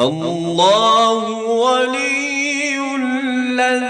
الله ولي الذي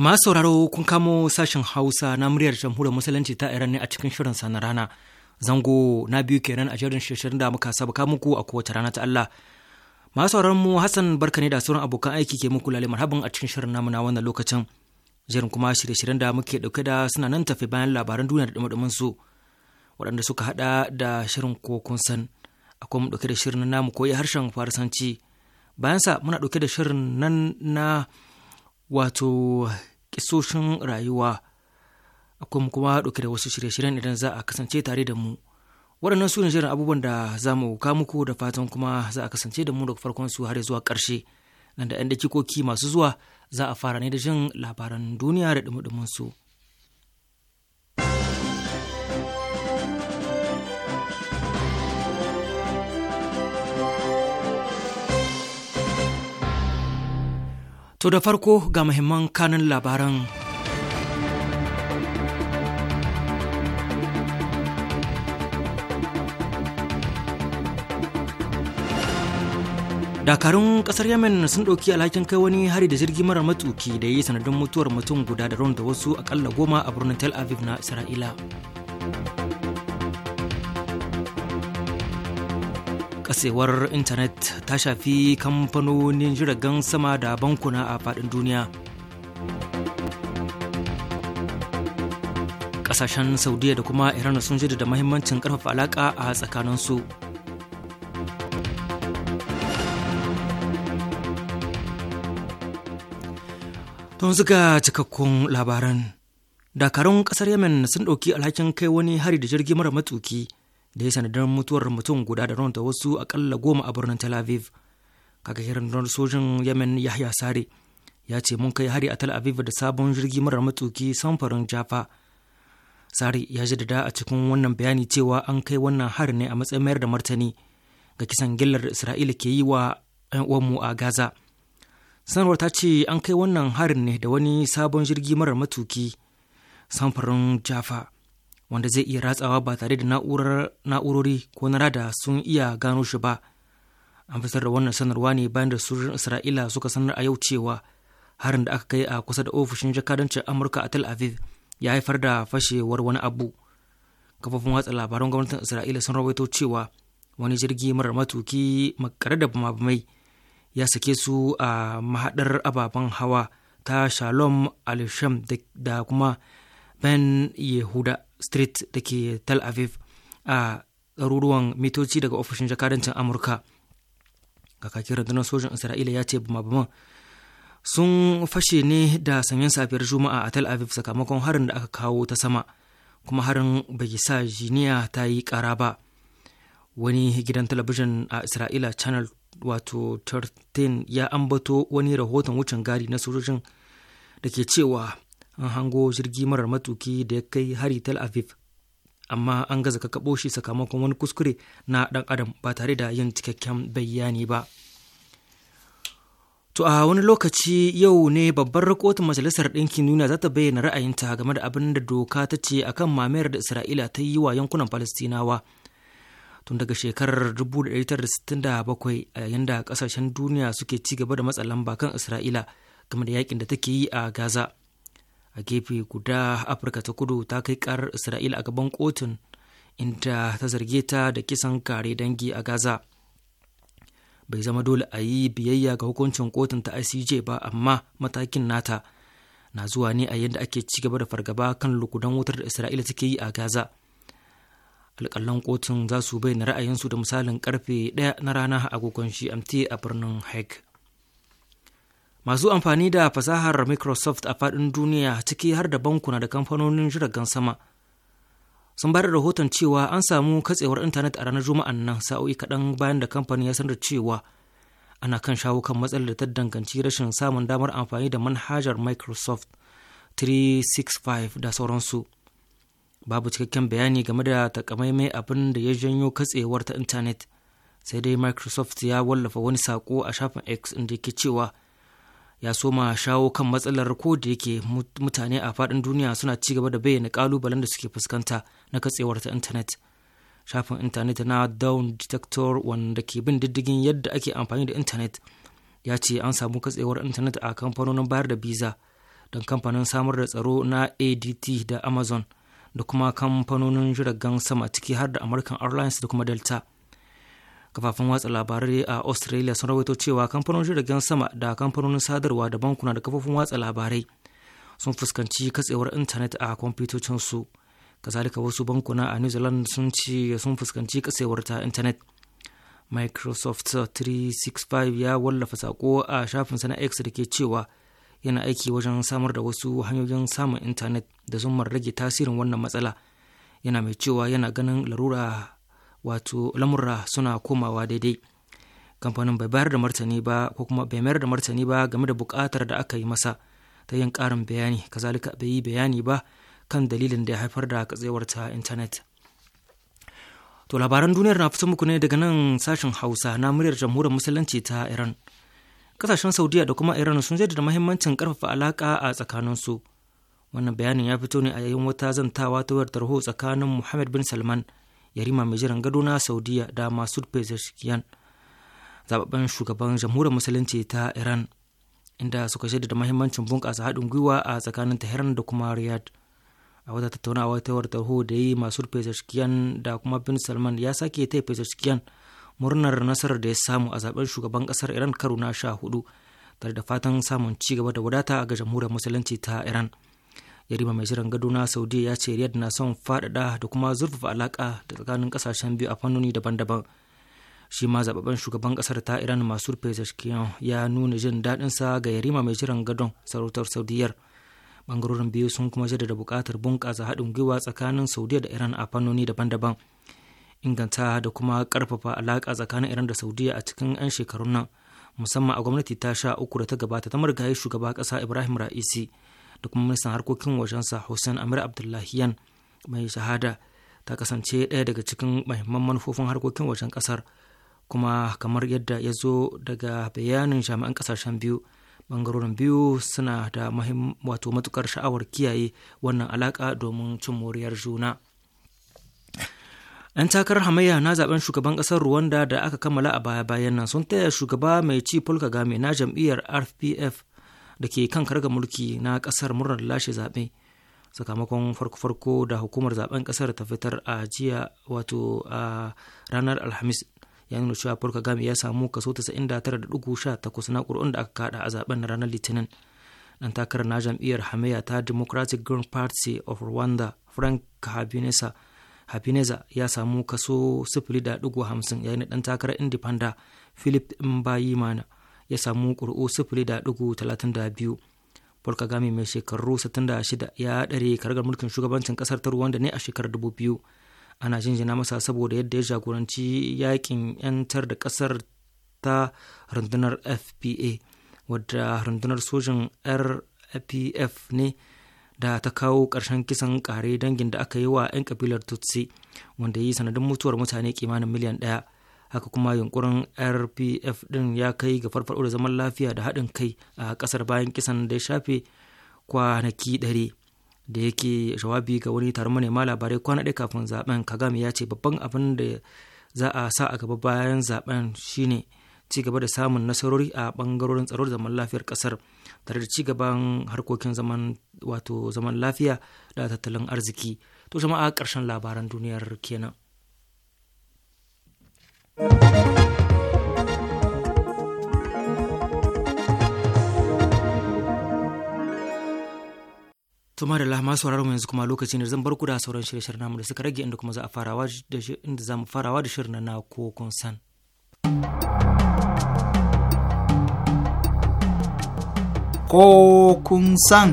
Masu sauraro kun kamo sashen Hausa na muryar jamhuriyar Musulunci ta Iran ne a cikin shirin sa na rana. Zango na biyu kenan a jerin shirin da muka saba muku a kowace rana ta Allah. Masu sauraron mu Hassan barka ne da sauran abokan aiki ke muku lalle marhaban a cikin shirin namu na wannan lokacin. Jerin kuma shirye-shiryen da muke dauke da suna nan tafi bayan labaran duniya da dumadumin su. Waɗanda suka hada da shirin ko kun san. Akwai mu dauke da shirin namu koyi harshen Farisanci. Bayan sa muna dauke da shirin nan na wato kisoshin rayuwa akwai kuma ɗauke da wasu shirye-shiryen idan za a kasance tare da mu waɗannan su ne shirin abubuwan da za mu kawo muku da fatan kuma za a kasance da mu da farkon su har zuwa ƙarshe nan da 'yan dakikoki masu zuwa za a fara ne da jin labaran duniya da dumudumin su To da farko ga muhimman kanun labaran. dakarun kasar yemen sun ɗauki alhakin kai wani hari da jirgi mara matuki da yi sanadin mutuwar mutum guda da da wasu akalla goma a birnin tel aviv na isra'ila kasewar intanet ta shafi kamfanonin jiragen sama da bankuna a faɗin duniya kasashen saudiya da kuma iran sun jida da mahimmancin karfafa alaka a tsakaninsu tun suka cikakkun labaran dakarun kasar yemen sun ɗauki alhakin kai wani hari da jirgi mara matuki da ya sanadar mutuwar mutum guda da ranta wasu akalla goma a birnin tel aviv kakakin rundunar sojin yemen yahya sare ya ce mun kai hari a tel aviv da sabon jirgi marar matuki samfarin jafa sare ya jaddada a cikin wannan bayani cewa an kai wannan hari ne a matsayin mayar da martani ga kisan gillar isra'ila ke yi wa 'yan uwanmu a gaza sanarwar ta ce an kai wannan harin ne da wani sabon jirgi marar matuki samfarin jafa wanda zai iya ratsawa ba tare da na'urori ko na rada sun iya gano shi ba an fitar da wannan sanarwa ne bayan da sojojin isra'ila suka sanar a yau cewa harin da aka kai a kusa da ofishin jakadancin amurka a tel aviv ya haifar da fashewar wani abu kafofin watsa labaran gwamnatin isra'ila sun rawaito cewa wani jirgi marar matuki makare da bamabamai ya sake su a mahadar ababen hawa ta shalom alisham da kuma ben yehuda street da ke tel aviv a ɗaruruwan mitoci daga ofishin jakadancin amurka kakakin rundunar sojin isra'ila ya ce bumabuman sun fashe ne da sanyin safiyar juma'a a tel aviv sakamakon harin da aka kawo ta sama kuma harin bai sa jiniya ta yi kara ba wani gidan talabijin a isra'ila channel wato 13 ya ambato wani rahoton wucin gari na sojojin da ke cewa an hango jirgi marar matuki da ya kai hari tel aviv amma an gaza ka kabo shi sakamakon wani kuskure na ɗan adam ba tare da yin cikakken bayani ba to a wani lokaci yau ne babbar kotun majalisar ɗinkin duniya za ta bayyana ra'ayinta game da abin da doka ta ce a kan mamayar da isra'ila ta yi wa yankunan falastinawa tun daga shekarar 1967 a yayin da kasashen duniya suke ci gaba da matsalan lamba kan isra'ila game da yakin da take yi a gaza a gefe guda afirka ta kudu ta kai kar isra'ila a gaban kotun inda ta zarge ta da kisan kare dangi a gaza bai zama dole a yi biyayya ga hukuncin kotun ta icj ba amma matakin nata na zuwa ne a yadda ake ci gaba da fargaba kan lukudan wutar da isra'ila take yi a gaza alƙalan kotun za su bayyana ra'ayinsu da misalin karfe 1 na rana a agogon amte a birnin hague masu amfani da fasahar microsoft a faɗin duniya ciki har da bankuna da kamfanonin jiragen sama sun bayar rahoton cewa an samu katsewar intanet a ranar juma'an nan sa'o'i kaɗan bayan da kamfanin ya sanar cewa ana kan shawo kan matsalar da ta danganci rashin samun damar amfani da manhajar microsoft 365 da sauransu babu cikakken bayani game da takamaimai abin da ya janyo katsewar ta intanet sai dai microsoft ya wallafa wani sako a shafin x inda yake cewa ya soma shawo kan matsalar ko da yake mutane a faɗin duniya suna ci gaba da bayyana kalubalen da suke fuskanta na katsewar ta intanet shafin intanet na down detector wanda ke bin diddigin yadda ake amfani da intanet ya ce an samu katsewar intanet a kamfanonin bayar da biza don kamfanin samar da tsaro na adt da amazon da kuma kamfanonin jiragen sama ciki har da american airlines da kuma delta kafafen watsa labarai a australia sun rawaito cewa kamfanonin jiragen sama da kamfanonin sadarwa da bankuna da kafofin watsa labarai sun fuskanci katsewar intanet a kwamfutocinsu kazalika wasu bankuna a new zealand sun ce sun fuskanci katsewar ta intanet microsoft 365 ya wallafa sako a shafin sana x da ke cewa yana aiki wajen samar da wasu hanyoyin samun intanet da sun rage tasirin wannan matsala yana mai cewa yana ganin larura wato lamurra suna komawa daidai kamfanin bai bayar da martani ba ko kuma bai mayar da martani ba game da bukatar da aka yi masa ta yin karin bayani kazalika bai yi bayani ba kan dalilin da ya haifar da katsewar ta intanet to labaran duniyar na fito muku ne daga nan sashen hausa na muryar jamhuriyar musulunci ta iran kasashen saudiya da kuma iran sun jaddada mahimmancin karfafa alaka a tsakanin su wannan bayanin ya fito ne a yayin wata zantawa ta wayar tarho tsakanin muhammad bin salman yarima mai jiran gado na saudiya da masud pezeshkiyan zababben shugaban jamhuriyar musulunci ta iran inda suka da mahimmancin bunƙasa haɗin gwiwa a tsakanin tehran da kuma riyad a wata tattaunawa ta wata taho da yi masu pezeshkiyan da kuma bin salman ya sake ta pezeshkiyan murnar nasarar da ya samu a zaben shugaban kasar iran karo na sha hudu tare da fatan samun ci gaba da wadata ga jamhuriyar musulunci ta iran yarima mai jiran gado na saudiya ya ce riyad na son faɗaɗa da kuma zurfafa alaƙa da tsakanin ƙasashen biyu a fannoni daban-daban shi ma zababben shugaban ƙasar ta iran masu pezeshkian ya nuna jin sa ga yarima mai jiran gadon sarautar saudiyar bangarorin biyu sun kuma jaddada buƙatar bunƙasa haɗin gwiwa tsakanin saudiya da iran a fannoni daban-daban inganta da kuma karfafa alaƙa tsakanin iran da saudiya a cikin 'yan shekarun nan musamman a gwamnati ta sha uku da ta gabata ta marigayi shugaba ƙasa ibrahim ra'isi da kuma ministan harkokin wajensa hussein amir abdullahiyan mai shahada ta kasance ɗaya daga cikin mahimman manufofin harkokin wajen kasar kuma kamar yadda ya zo daga bayanin jami'an kasashen biyu bangarorin biyu suna da wato matukar sha'awar kiyaye wannan alaka domin cin moriyar juna. 'Yan takarar hamayya na zaben shugaban ƙasar ruwanda da aka kammala a baya-bayan nan sun taya shugaba mai ci Paul Kagame na jam'iyyar RPF da ke kan karga mulki na kasar murnar lashe zaɓe sakamakon farko-farko da hukumar zaben kasar ta fitar a jiya wato a ranar alhamis ya nuna cewa paul kagame ya samu kaso 99.18 na ƙuri'un da aka kada a zaben na ranar litinin dan takarar na jam'iyyar hamayya ta democratic green party of rwanda frank habineza ya samu kaso 0.50 yayin da dan takarar independent philip mbayimana ya samu ƙuri'u sifili da ɗigo talatin da biyu Paul Kagame mai shekaru 66 ya ɗare karagar mulkin shugabancin ƙasar ta Rwanda ne a shekarar 2000. Ana jinjina masa saboda yadda ya jagoranci yakin 'yantar da ƙasar ta rundunar FPA, wadda rundunar sojin RPF ne da ta kawo ƙarshen kisan ƙare dangin da aka yi wa 'yan kabilar Tutsi, wanda ya yi sanadin mutuwar mutane kimanin miliyan ɗaya. haka kuma yunkurin rpf din ya kai ga farfaɗo da zaman lafiya da haɗin kai a ƙasar bayan kisan da ya shafe kwanaki ɗari da yake jawabi ga wani taron manema labarai kwana ɗaya kafin zaben kagame ya ce babban abin da za a sa a gaba bayan zaben shine ci gaba da samun nasarori a bangarorin tsaro da zaman lafiyar kasar tare da ci gaban harkokin zaman wato zaman lafiya da tattalin arziki to jama'a karshen labaran duniyar kenan tuma da lahama sauraron yanzu kuma lokaci ne zan bar ku da sauran shirye-shiryen namu da suka rage inda kuma za a farawa da inda za mu farawa da shirin na ko kun san ko kun san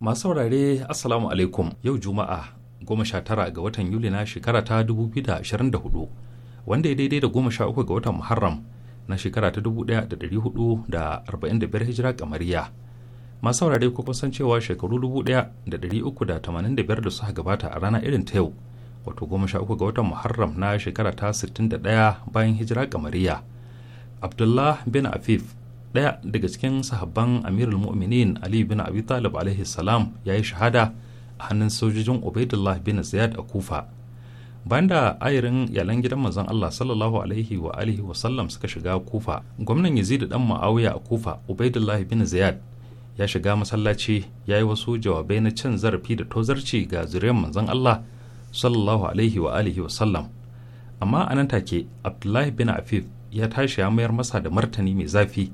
masu saurare assalamu alaikum yau juma'a goma sha tara ga watan yuli na shekara ta dubu biyu da da ashirin hudu wanda ya daidai da goma sha uku ga watan muharram na shekara ta dubu da da da hudu arba'in biyar hijira kamariya masu saurare ko san cewa shekaru daya da uku da da da tamanin biyar suka gabata a rana irin ta yau wato goma sha uku ga watan muharram na shekara ta sittin da ɗaya bayan hijira kamariya abdullah bin afif ɗaya daga cikin sahabban amirul mu'minin ali bin abi talib alaihi salam ya yi shahada hannun sojojin ubaidullah bin ziyad a kufa bayan da ayarin yalan gidan manzon Allah sallallahu alaihi wa alihi wa sallam suka shiga Kufa gwamnan Yazid dan Muawiya a Kufa Ubaidullah bin Ziyad ya shiga masallaci ya yi wasu jawabai na cin zarafi da tozarci ga zuriyar manzon Allah sallallahu alaihi wa alihi wa sallam amma anan take Abdullahi bin Afif ya tashi ya mayar masa da martani mai zafi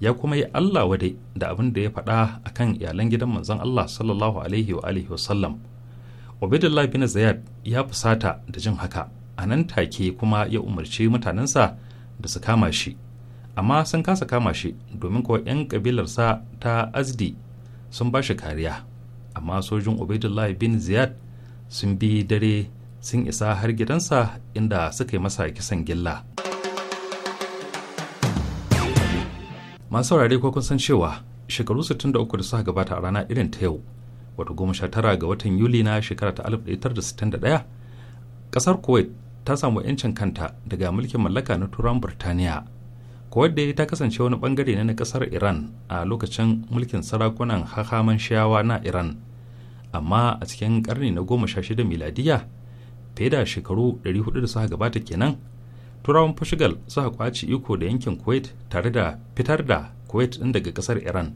ya kuma yi Allah wadai da abin da ya faɗa a kan iyalan gidan manzon Allah sallallahu alaihi wa alihi wasallam. Ubaidullah bin Zayad ya fusata da jin haka, a nan take kuma ya umarci mutanensa da su kama shi. Amma sun kasa kama shi domin kuwa 'yan kabilarsa ta Azdi sun ba shi kariya. Amma sojin Ubaidullah bin Ziyad sun bi dare sun isa har gidansa inda suka yi masa kisan gilla. masu saurare ko kun san cewa shekaru 63 da suka gabata a rana irin ta yau wato tara ga watan yuli na shekara ta 1961 kasar kuwait ta samu 'yancin kanta daga mulkin mallaka na turan burtaniya kuwait dai ta kasance wani bangare ne na kasar iran a lokacin mulkin sarakunan hahaman shayawa na iran amma a cikin karni na shida miladiya fiye da shekaru 400 da suka gabata kenan turawan portugal suka kwaci iko da yankin kuwait tare da fitar da kuwait ɗin daga ƙasar iran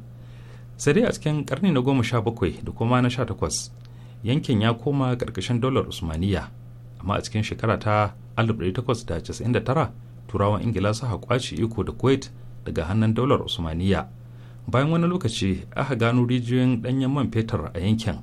sai dai a cikin karni na goma sha bakwai da kuma na sha takwas yankin ya koma ƙarƙashin dolar usmaniya amma a cikin shekara ta 1899 turawan ingila suka kwace iko da kuwait daga hannun dolar usmaniya bayan wani lokaci aka gano rijiyoyin danyen man fetur a yankin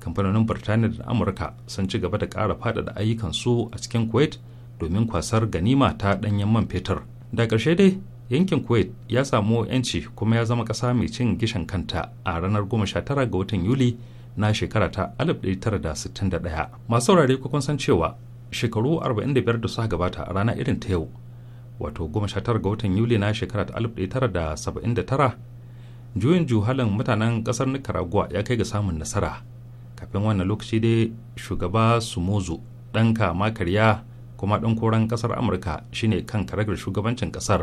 kamfanonin birtaniya da amurka sun ci gaba da ƙara faɗaɗa su a cikin kuwait domin kwasar ganima ta ɗanyen man fetur da ƙarshe dai yankin kuwait ya samu 'yanci kuma ya zama ƙasa mai cin gishan kanta a ranar 19 ga watan yuli na shekara ta 1961 masu saurare kun san cewa shekaru 45 da suka gabata a rana irin ta yau wato 19 ga watan yuli na shekara ta 1979 juyin juhalin mutanen ƙasar nicaragua ya kai ga samun nasara kafin wannan lokaci dai shugaba sumozo ɗan kama karya kuma ɗan koren ƙasar amurka shine kan karagar shugabancin ƙasar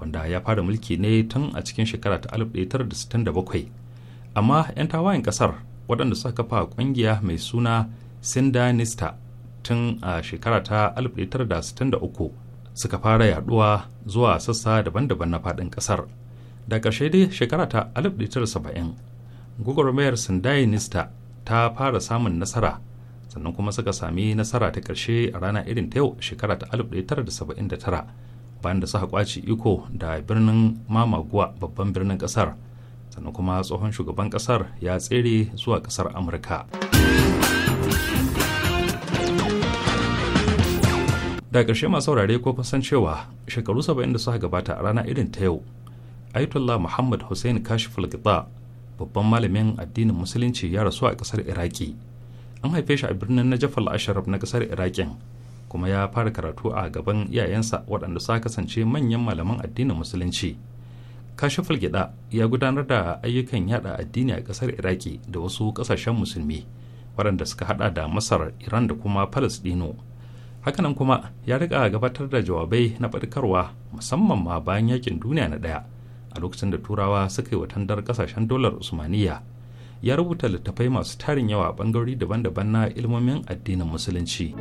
wanda ya fara mulki ne tun a cikin shekara ta 1967 amma 'yan tawayen ƙasar waɗanda suka kafa ƙungiya mai suna sindanista tun a shekara ta 1963 suka fara yaɗuwa zuwa sassa daban-daban na faɗin ƙasar da ƙarshe dai shekara ta 1970 gugurmayar sindanista ta fara samun nasara sannan kuma suka sami nasara ta ƙarshe a rana irin ta yau shekara ta 1979 bayan da suka kwace iko da birnin mamaguwa babban birnin ƙasar sannan kuma tsohon shugaban ƙasar ya tsere zuwa ƙasar amurka da ƙarshe masu saurare ko kusan cewa shekaru 70 da suka gabata a rana irin ta yau Aitullah Muhammad Hussein Kashif al babban malamin addinin musulunci ya rasu a ƙasar Iraki. an haife shi a birnin najaf al na kasar iraƙin kuma ya fara karatu a gaban iyayensa waɗanda sa kasance manyan malaman addinin musulunci kashifal gida ya gudanar da ayyukan yada addini a kasar iraki da wasu kasashen musulmi waɗanda suka hada da masar iran da kuma palestino hakanan kuma ya rika gabatar da jawabai na ɓarkarwa musamman ma bayan yakin duniya na ɗaya a lokacin da turawa suka yi watandar kasashen dolar usmaniya ya rubuta littattafai masu tarin yawa a bangarori daban-daban na ilmomin addinin musulunci.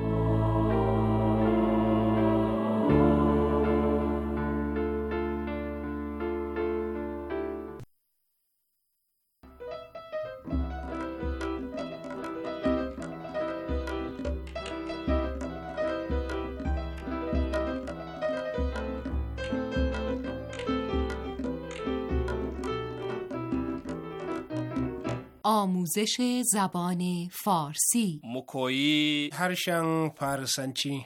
آموزش زبان فارسی مکویی هرشن فارسنچی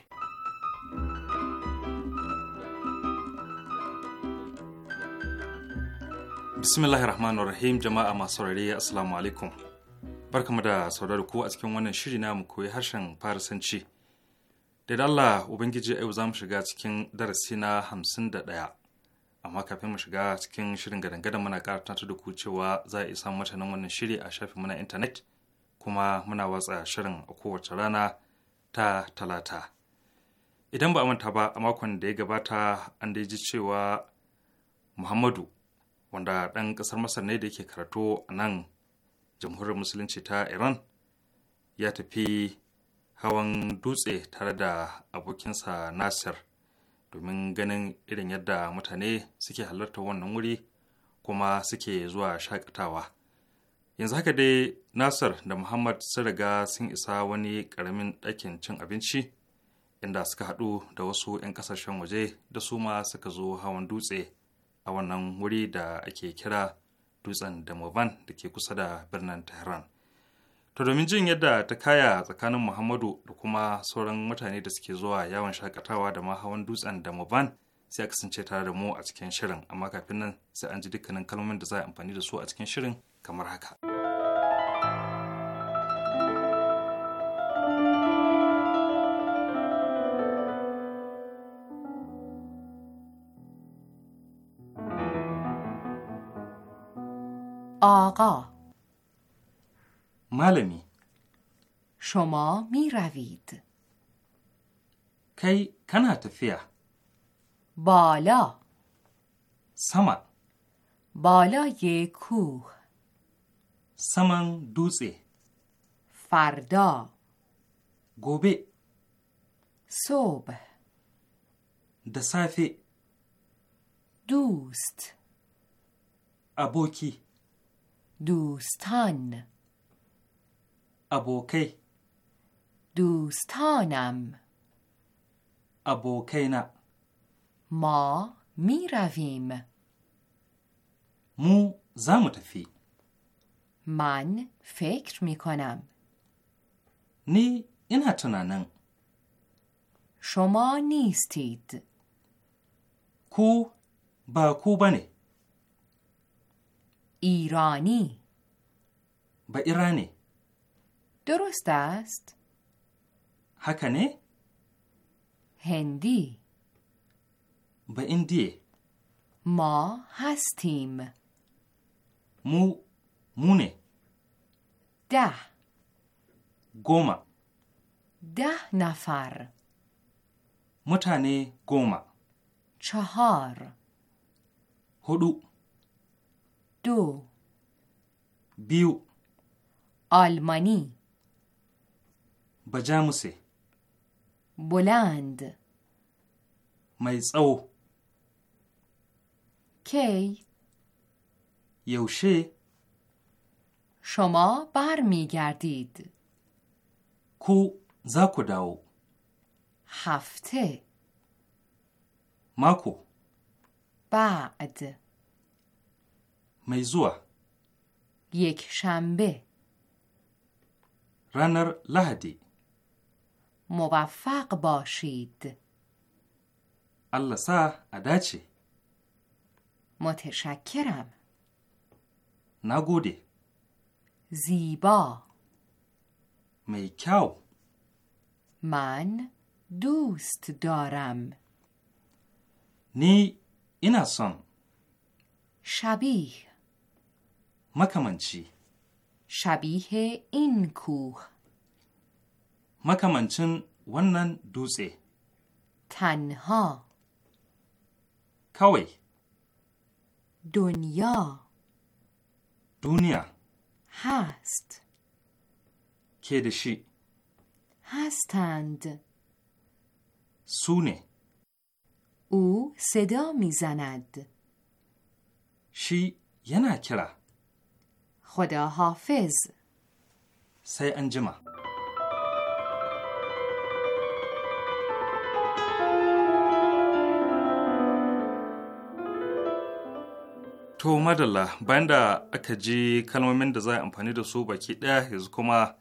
bismillahir rahmanir rahim jama'a masu saurare assalamu alaikum barkamu da saurari ko a cikin wannan shiri na mu koyi harshen farisanci da Allah ubangiji yau za mu shiga cikin darasi na hamsin da ɗaya amma kafin mu shiga cikin shirin gadan muna ƙara tantar da ku cewa za a isa mutanen wannan shiri a shafin muna intanet kuma muna watsa shirin a kowace rana ta talata idan ba a manta ba a makon da ya gabata an da ji cewa muhammadu wanda ɗan ƙasar masar ne da yake karatu a nan jamhuriyar musulunci ta iran ya tafi hawan dutse tare da abokinsa nasir domin ganin irin yadda mutane suke halarta wannan wuri kuma suke zuwa shakatawa yanzu haka dai nasar da muhammad sun riga sun isa wani ƙaramin ɗakin cin abinci inda suka haɗu da wasu 'yan ƙasashen waje da su ma suka zo hawan dutse a wannan wuri da ake kira dutsen da ke kusa da birnin tehran To domin jin yadda ta kaya tsakanin Muhammadu da kuma sauran mutane da suke zuwa yawon shakatawa da ma hawan dutsen da Moban sai a kasance tare da mu a cikin shirin amma kafin nan sai an ji dukkanin kalmomin da za a amfani da su a cikin shirin kamar haka. آقا مالمی؟ شما می روید کی کنا تفیه بالا بالا بالای کوه سمن دوزه فردا گوبه صبح دسافه دوست ابوکی دوستان ابوکی دوستانم ابوکینا ما می رویم مو زمو تفی من فکر می کنم نی این شما نیستید کو با کو بنی ایرانی با ایرانی درست است؟ هکنه؟ هندی به اندی ما هستیم مو مونه ده گوما ده نفر متانه گوما چهار هدو دو بیو آلمانی بجاموسه بلند mai کی یوشه شما بر می کو زاکو داو هفته ماکو بعد میزوع یک شنبه رانر لهدی موفق باشید الله سا اداچه متشکرم نگوده زیبا میکاو من دوست دارم نی این اصان شبیه چی؟ شبیه این کوه مکمنچن ونن دوزه تنها کوی دنیا دنیا هست کدشی هستند سونه او صدا میزند شی یه نکره خدا حافظ سی انجمه To madalla bayan da aka ji kalmomin da za a amfani da su baki ɗaya yanzu kuma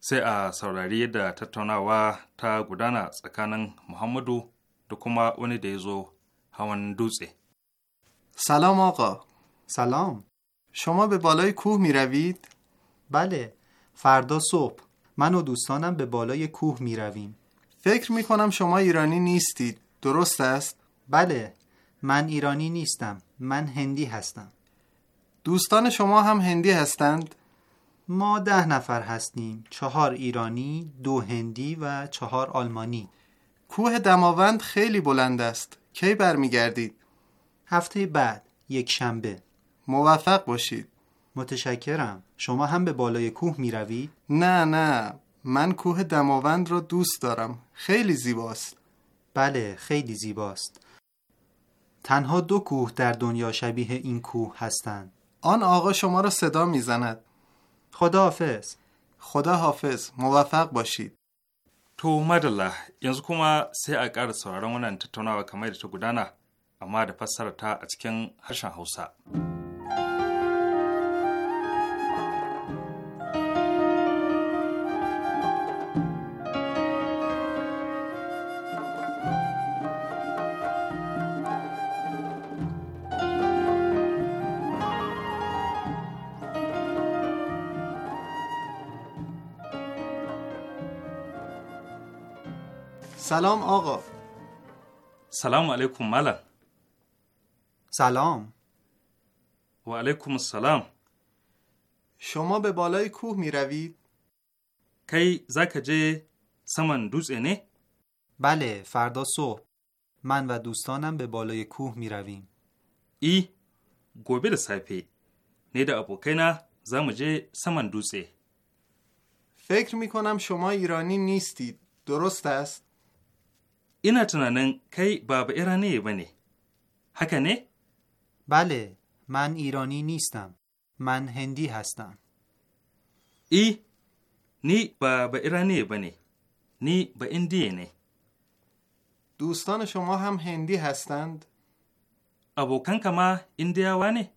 sai a saurari yadda tattaunawa ta gudana tsakanin Muhammadu da kuma wani da ya zo hawan dutse. Salam aka. Salam. Shoma be balai kuh miravid? Bale, farda sop. صبح من و دوستانم به بالای کوه می رویم فکر می کنم شما ایرانی نیستید درست است؟ بله من ایرانی نیستم من هندی هستم دوستان شما هم هندی هستند؟ ما ده نفر هستیم چهار ایرانی، دو هندی و چهار آلمانی کوه دماوند خیلی بلند است کی برمیگردید؟ هفته بعد یک شنبه موفق باشید متشکرم شما هم به بالای کوه می روید؟ نه نه من کوه دماوند را دوست دارم خیلی زیباست بله خیلی زیباست تنها دو کوه در دنیا شبیه این کوه هستند آن آقا شما را صدا میزند خدا حافظ خدا حافظ موفق باشید تو مدله یانزو کما سی اکار سرارمونن تتونا و کمیر تو گدانه اما در پس سر تا اتکن هشن حوصه سلام آقا سلام علیکم ملا. سلام و علیکم السلام شما به بالای کوه می روید؟ کی جه سمن دوز نه؟ بله فردا صبح من و دوستانم به بالای کوه می رویم ای سایپی ده ابو نیده ابوکینا جه سمن دوزه فکر می کنم شما ایرانی نیستید درست است؟ اینا تنانن کی باب ایرانی بنی حکا نه؟ بله من ایرانی نیستم من هندی هستم ای نی باب ایرانی بنی نی به اندی نه دوستان شما هم هندی هستند؟ ابوکن کما اندیاوانه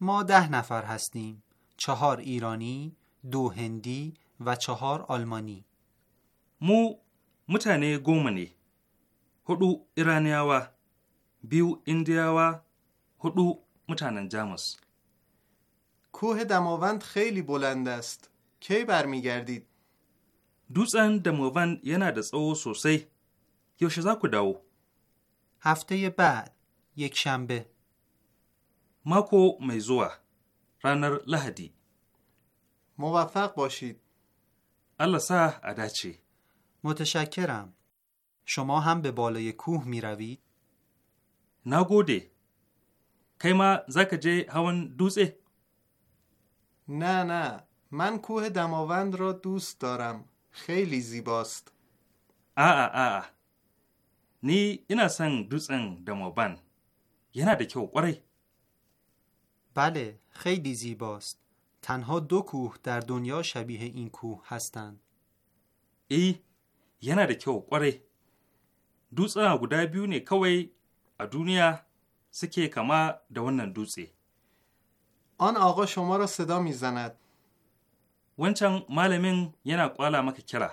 ما ده نفر هستیم چهار ایرانی دو هندی و چهار آلمانی مو mutane goma ne, hudu Iraniyawa, biyu Indiyawa, hudu mutanen Jamus. کوه دماوند خیلی بلند است. کی برمیگردید؟ دوزن دماوند یه ندس او سوسی. یوشه زا کو هفته بعد یک شنبه ماکو میزوا رانر لهدی موفق باشید الله سه اداچی متشکرم. شما هم به بالای کوه می روید؟ نگوده. که ما زکجه هون دوزه؟ نه نه. من کوه دماوند را دوست دارم. خیلی زیباست. آه آه آه. نی اینا سن دوزن دماوند. یه نده که قره. بله خیلی زیباست. تنها دو کوه در دنیا شبیه این کوه هستند. ای yana da kyau kwarai. Dutsuna guda biyu ne kawai a duniya suke kama da wannan dutse. An aga شما sada صدا zanat wancan malamin yana kwala maka kira.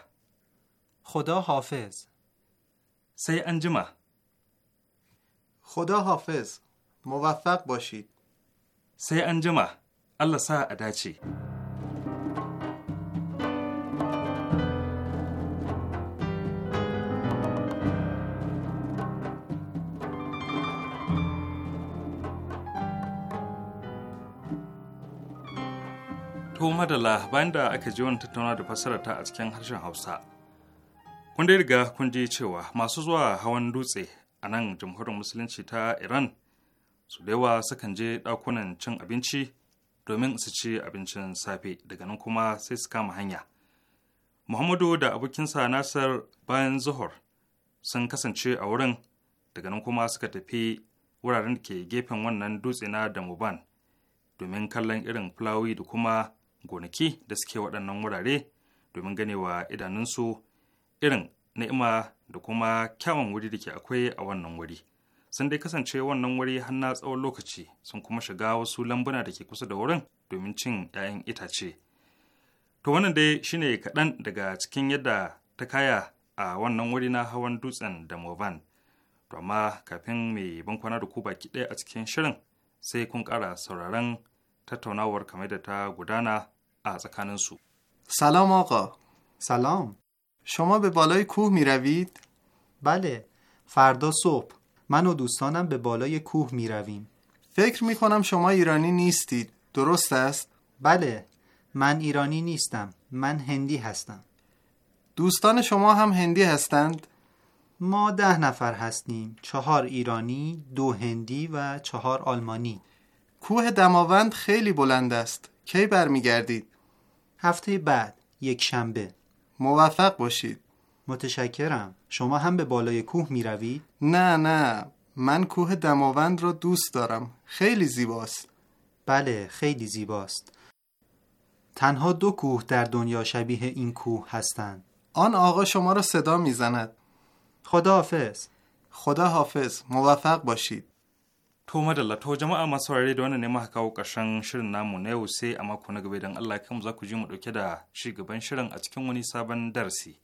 khuda hafiz sai an jima. khuda hafiz sai an jima. Allah sa a dace. kuma da bayan da aka ji wani tattauna da fassara ta a cikin harshen Hausa. Kun dai riga kun ji cewa masu zuwa hawan dutse a nan jamhuriyar musulunci ta Iran su da yawa sukan je ɗakunan cin abinci domin su ci abincin safe daga nan kuma sai su kama hanya. Muhammadu da abokinsa Nasir bayan zuhur sun kasance a wurin daga nan kuma suka tafi wuraren da ke gefen wannan dutse na Damuban domin kallon irin fulawi da kuma gonaki da suke waɗannan wurare domin ganewa idanunsu irin ni'ima da kuma kyawun wuri da ke akwai a wannan wuri sun dai kasance wannan wuri har tsawon lokaci sun kuma shiga wasu lambuna da ke kusa da wurin domin cin 'ya'yan itace to wannan dai shine kaɗan daga cikin yadda ta kaya a wannan wuri na hawan dutsen da moban to amma kafin mai bankwana da ku baki ɗaya a cikin shirin sai kun ƙara sauraron tattaunawar kamar da ta gudana a سو سلام آقا سلام شما به بالای کوه می روید؟ بله فردا صبح من و دوستانم به بالای کوه می رویم فکر می کنم شما ایرانی نیستید درست است؟ بله من ایرانی نیستم من هندی هستم دوستان شما هم هندی هستند؟ ما ده نفر هستیم چهار ایرانی دو هندی و چهار آلمانی کوه دماوند خیلی بلند است کی برمیگردید هفته بعد یک شنبه موفق باشید متشکرم شما هم به بالای کوه می نه نه من کوه دماوند را دوست دارم خیلی زیباست بله خیلی زیباست تنها دو کوه در دنیا شبیه این کوه هستند آن آقا شما را صدا میزند خدا حافظ خدا حافظ موفق باشید To madalla to jama'a masu saurare da wannan ne muka kawo ƙarshen shirin namu na yau sai a mako na gaba idan Allah ya za ku ji mu dauke da ci shirin a cikin wani sabon darasi.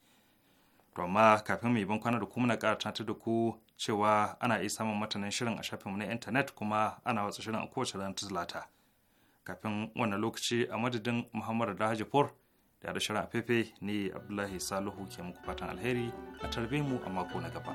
To amma kafin mu yi ban kwana da kuma na ƙara da ku cewa ana iya samun matanin shirin a shafinmu na intanet kuma ana watsa shirin a kowace ranar talata. Kafin wannan lokaci a madadin Muhammadu Dahaji Por da ya da shirin a ne Abdullahi Salihu ke muku fatan alheri a tarbe mu a mako na gaba.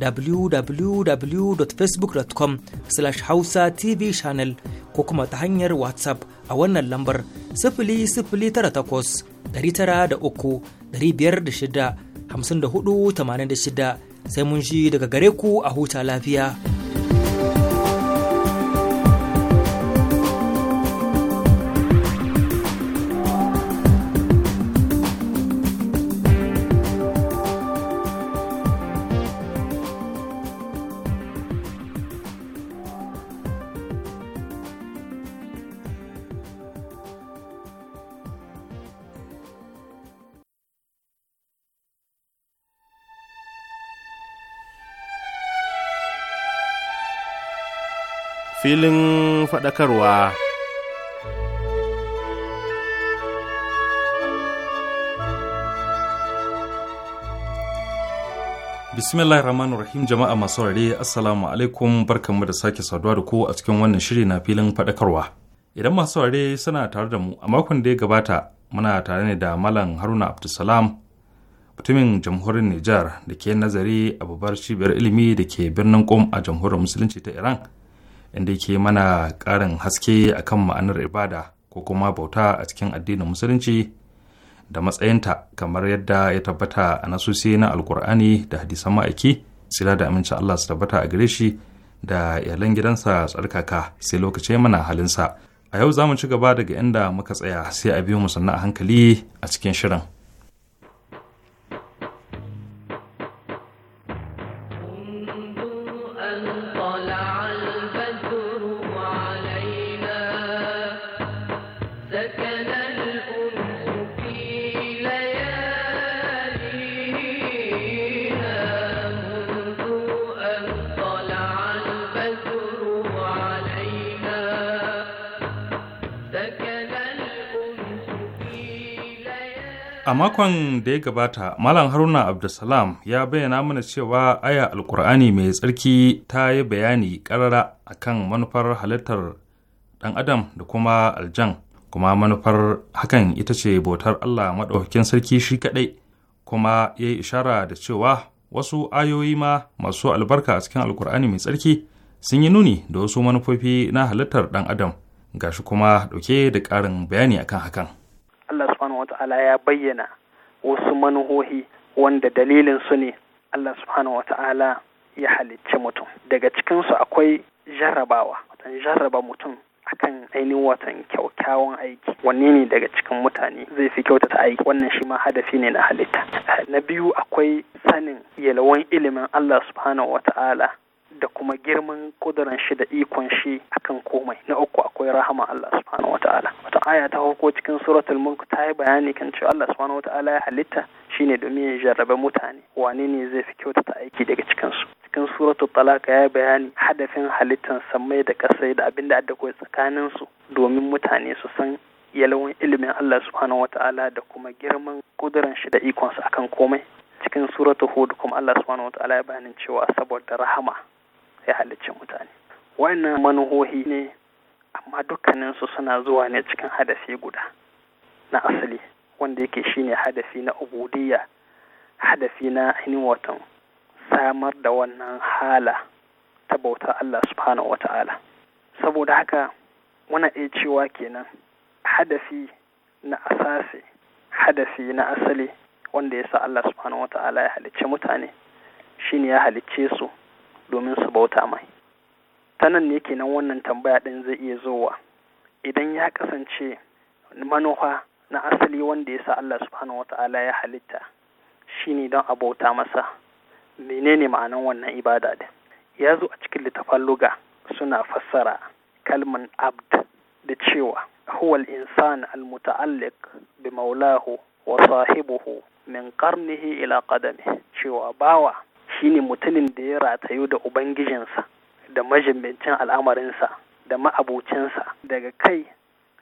www.facebook.com slash hausa tv channel ko kuma ta hanyar whatsapp a wannan lambar 00800 503 506 shida sai mun shi daga gare ku a huta lafiya. filin faɗakarwa. bismillahir rahmanir rahim jama'a masu rare assalamu alaikum barkanmu da sake saduwa da ku a cikin wannan shiri na filin faɗakarwa idan masu rare suna tare da mu a makon da ya gabata muna tare ne da malam haruna abdulsalam mutumin jamhurin nijar da ke nazari a babbar cibiyar ilimi da ke birnin kom a jamhuriyar musulunci ta iran inda ke mana ƙarin haske akan ma'anar ibada ko kuma bauta a cikin addinin musulunci da matsayinta kamar yadda ya tabbata a nasusi na alkur'ani da hadisan ma'aiki sila da amincin allah su tabbata a gare shi da iyalan gidansa tsarkaka sai lokaci mana halinsa a yau za mu ci gaba daga inda muka tsaya sai a biyu mu sannan a hankali a cikin shirin. A makon da ya gabata, Malam Haruna Abdulsalam ya bayyana mana cewa aya Alkur'ani mai tsarki ta yi bayani karara kan manufar halittar ɗan Adam da kuma aljan, kuma manufar hakan ita ce bautar Allah maɗaukakin sarki shi kaɗai, kuma ya yi ishara da cewa wasu ayoyi ma masu albarka a cikin Alkur'ani mai tsarki sun yi nuni da wasu manufofi na halittar ɗan Adam, gashi kuma ɗauke da ƙarin bayani akan hakan. Allah subhanahu wata'ala ya bayyana wasu manuhohi wanda dalilin su ne Allah subhanahu wata'ala ya halicci mutum daga cikinsu akwai jarrabawa watan jarraba mutum akan ainihin watan kyaukyawan aiki wanne ne daga cikin mutane zai fi kyautata aiki wannan shi ma hadafi ne na halitta na biyu akwai sanin yalwan ilimin Allah subhanahu wata'ala da kuma girman kuduran shi da ikon shi akan komai na uku akwai rahama Allah subhanahu wataala wata aya ta hauko cikin suratul mulk ta yi bayani kan cewa Allah subhanahu wataala ya halitta shine domin ya jarraba mutane wane ne zai fi kyautata aiki daga cikin su cikin suratul talaka ya bayani hadafin halittan samai da kasai da abin da adda koyi tsakanin su domin mutane su san yalwan ilimin Allah subhanahu wataala da kuma girman kudurin shi da ikonsa akan komai cikin suratul hud kuma Allah subhanahu wataala ya bayanin cewa saboda rahama ya halicci mutane wannan manuhohi ne amma dukkaninsu suna zuwa ne cikin hadafi guda na asali wanda yake shine hadafi na ubudiyya hadafi na ainihin watan samar da wannan hala ta bauta Allah subhanahu wa ta'ala saboda haka muna iya cewa kenan hadafi na asasi hadafi na asali wanda ya sa Allah subhanahu wa ta'ala ya halicci mutane shine ya halicce su domin su bauta mai ta nan ne kenan wannan tambaya ɗin zai iya zowa idan ya kasance manufa na asali wanda ya sa Allah subhanahu ta'ala ya halitta shine don a bauta masa menene ma'anan wannan ibada da ya zo a cikin littafan luga suna fassara kalman abd da cewa huwal insan al-muta'alliq bi maulahu wa sahibuhu min qarnihi ila qadamihi cewa bawa shine mutumin da ya ratayu da ubangijinsa da majimbincin al'amarinsa da ma'abucinsa daga kai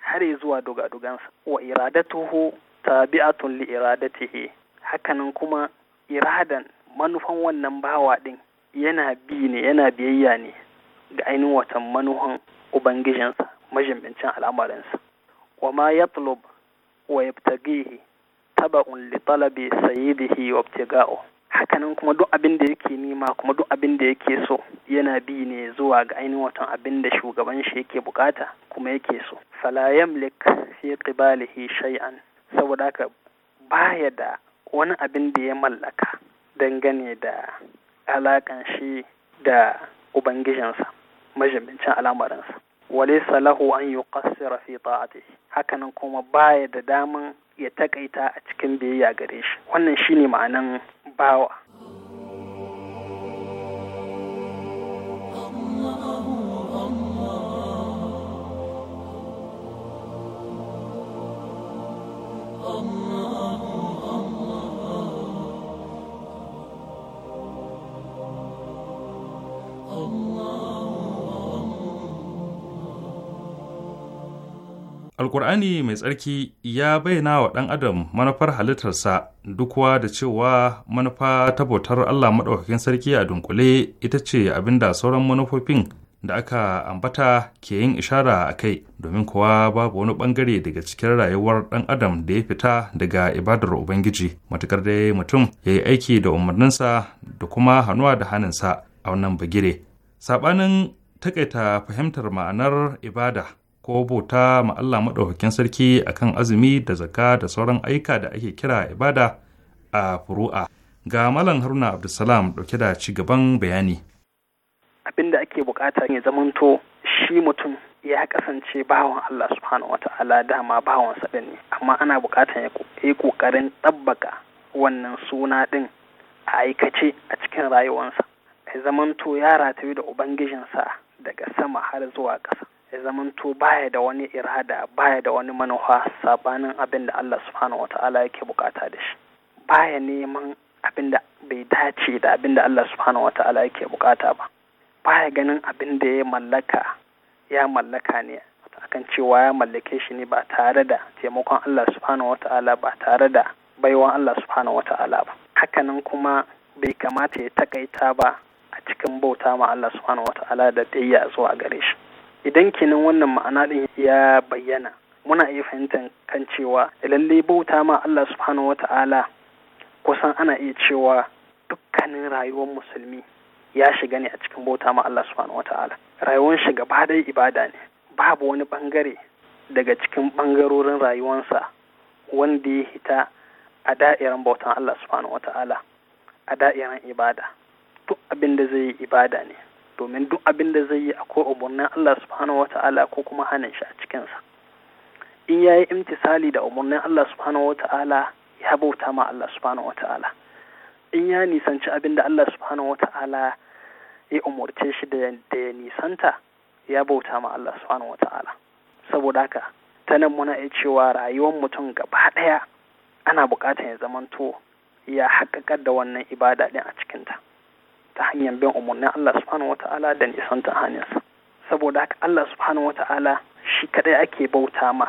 har zuwa dugadugansa wa iradatuhu tabi'atun li iradatihi hakanan kuma iradan manufan wannan bawa din yana bi ne yana biyayya ne ga ainihin watan manufan ubangijinsa majimbincin al'amarinsa wa ma yatlub wa yabtagihi taba'un li talabi sayyidihi wa ibtiga'u hakanan kuma duk abin da yake nima kuma duk abin da yake so yana bi ne zuwa ga ainihin watan abin da shugaban shi yake bukata kuma yake so fala yamlik fi qibalihi shay'an saboda haka baya da wani abin da ya mallaka dangane da alakan shi da ubangijinsa majalbincin al'amarinsa wale salahu an yi fi ta'ati hakanan kuma baya da daman ya takaita a cikin biyayya gare shi wannan shine ma'anan bawa alkur'ani mai tsarki ya bayyana wa ɗan adam manufar halittarsa dukwa da cewa manufa ta bautar allah maɗaukakin sarki a dunkule ita ce abinda sauran manufofin da aka ambata ke yin ishara a kai domin kuwa babu wani ɓangare daga cikin rayuwar ɗan adam da ya fita daga ibadar ubangiji matukar dai mutum ya yi aiki da umarninsa da kuma hannuwa da hannunsa a wannan bagire saɓanin taƙaita fahimtar ma'anar ibada ko bauta ma Allah maɗaukakin sarki akan azumi da zaka da sauran aika da ake kira ibada a furu'a ga malam haruna abdulsalam ɗauke da ci gaban bayani abin da ake bukata ya zamanto shi mutum ya kasance bawan Allah subhanahu wata'ala dama bawan saɗin ne amma ana bukatan ya yi kokarin ɗabbaka wannan suna ɗin a aikace a cikin rayuwarsa ya zamanto ya ratayu da ubangijinsa daga sama har zuwa ƙasa ya zamanto baya da wani irada baya da wani manufa sabanin abin da Allah subhanahu wata'ala yake bukata da shi baya neman abin da bai dace da abin da Allah subhanahu wata'ala yake bukata ba baya ganin abin da ya mallaka ya mallaka ne akan cewa ya mallake shi ne ba tare da taimakon Allah subhanahu wata'ala ba tare da baiwan Allah subhanahu wata'ala ba hakanan kuma bai kamata ya takaita ba a cikin bauta ma Allah subhanahu wata'ala da ta zuwa gare shi idan kenan wannan ma'ana ɗin ya bayyana muna iya fahimtar kan cewa lalle bauta ma Allah subhanahu Ta'ala kusan ana iya cewa dukkanin rayuwar musulmi ya shiga ne a cikin bauta ma Allah subhanahu Ta'ala. rayuwar shi gaba dai ibada ne babu wani bangare daga cikin bangarorin rayuwarsa wanda ya hita a da'iran bautan Allah subhanahu Ta'ala a da'iran ibada duk abin da zai yi ibada ne domin duk abin da zai yi akwai umarnin Allah subhanahu wata'ala ko kuma hanin shi a cikinsa in ya yayi imtisali da umarnin Allah subhanahu wata'ala ya bauta ma Allah subhanahu wata'ala in ya nisanci abin da Allah subhanahu wata'ala ya umarce shi da ya nisanta ya bauta ma Allah subhanahu wata'ala saboda haka ta nan muna iya cewa rayuwar mutum gaba ɗaya ana buƙatar ya zamanto ya haƙaƙar da wannan ibada ɗin a cikinta. ta hanyar bin umarnin Allah subhanahu wata'ala da nisanta hanyarsa saboda haka Allah subhanahu wata'ala shi kadai ake bauta ma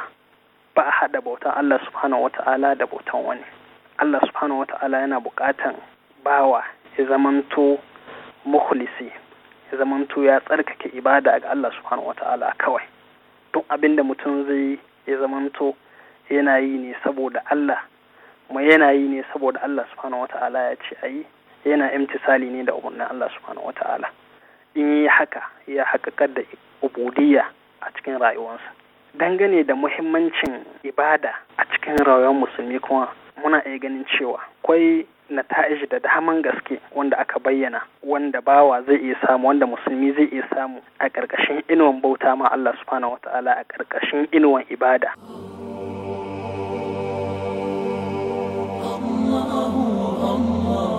ba a haɗa bautan Allah subhanahu wata'ala da bautan wani Allah subhanahu wata'ala yana buƙatan bawa ya zamanto mukhlisi ya zamanto ya tsarkake ibada ga Allah subhanahu wata'ala kawai duk abin da mutum zai ya zamanto yana yi ne saboda Allah mai yana yi ne saboda Allah subhanahu wata'ala ya ce a yi yana imtisali ne da umarnin Allah subhanahu wata'ala in yi haka ya haƙaƙar da ubudiyya a cikin rayuwarsa dangane da muhimmancin ibada a cikin rayuwar musulmi kuma muna iya ganin cewa kwai na nata'ij da daman gaske wanda aka bayyana wanda bawa zai iya samu wanda musulmi zai iya samu a ƙarƙashin inuwan bauta ma Allah subhanahu wata'ala a ƙarƙashin inuwan ibada. Allah, Allah.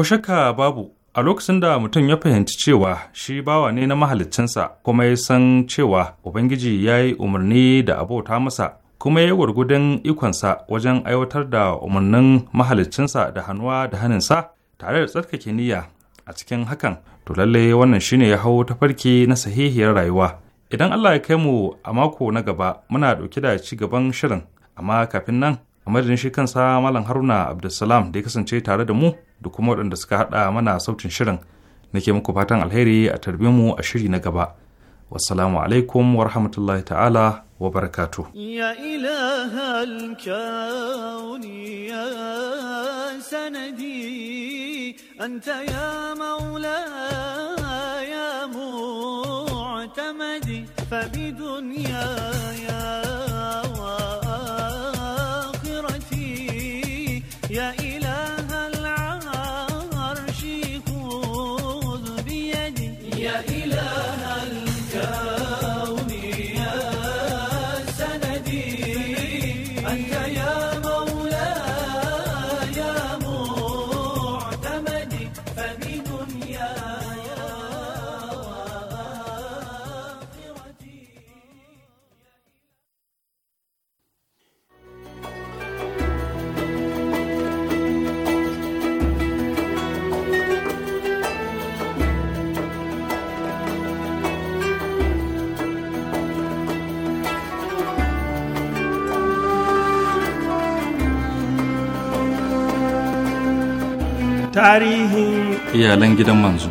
Ko shakka babu a lokacin da mutum ya fahimci cewa shi bawa ne na mahaliccinsa kuma ya san cewa Ubangiji ya yi umarni da abota masa kuma ya gwargudun ikonsa wajen aiwatar da umarnin mahaliccinsa da hannuwa da hannunsa tare da tsarkake niyya a cikin hakan to lallai wannan shine ya hau tafarki na sahihiyar rayuwa idan Allah ya kai mu a mako na gaba muna ɗauke da ci gaban shirin amma kafin nan madadin shi kansa malam haruna abdulsalam da ya kasance tare da mu da kuma waɗanda suka haɗa mana sautin shirin nake muku fatan alheri a tarbe mu a shiri na gaba wassalamu alaikum wa rahmatullahi ta'ala wa barakatu ya ilaha alkauni ya sanadi ya maula ya mu'tamadi fa yeah, tarihin iyalan gidan manzo.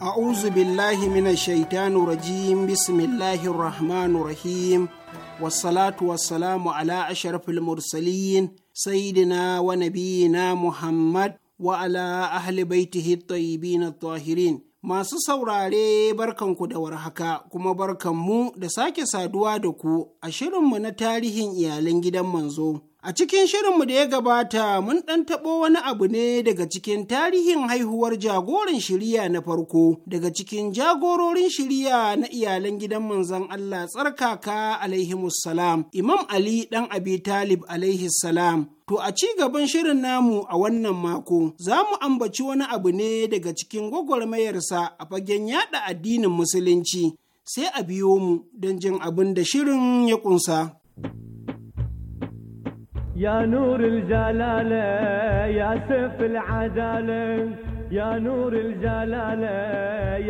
A'uzu billahi minash shaitanir rajim bismillahir rahmanir rahim wassalatu wassalamu ala ashrafil mursalin sayyidina wa nabiyina Muhammad wa ala ahli baiti tayyibin na tahirin masu saurare barkanku da warhaka kuma barkanmu da sake saduwa da ku a shirinmu na tarihin iyalan gidan manzo A cikin shirinmu da ya gabata mun ɗan taɓo wani abu ne daga cikin tarihin haihuwar jagoran shiriya na farko daga cikin jagororin shiriya na iyalan gidan manzon Allah tsarkaka salam Imam Ali ɗan Abi Talib salam. To a ci gaban shirin namu a wannan mako za mu ambaci wani abu ne daga cikin gwagwarmayarsa a fagen yada addinin musulunci sai a biyo mu don jin abin da shirin ya ƙunsa. يا نور الجلالة يا سيف العدالة يا نور الجلالة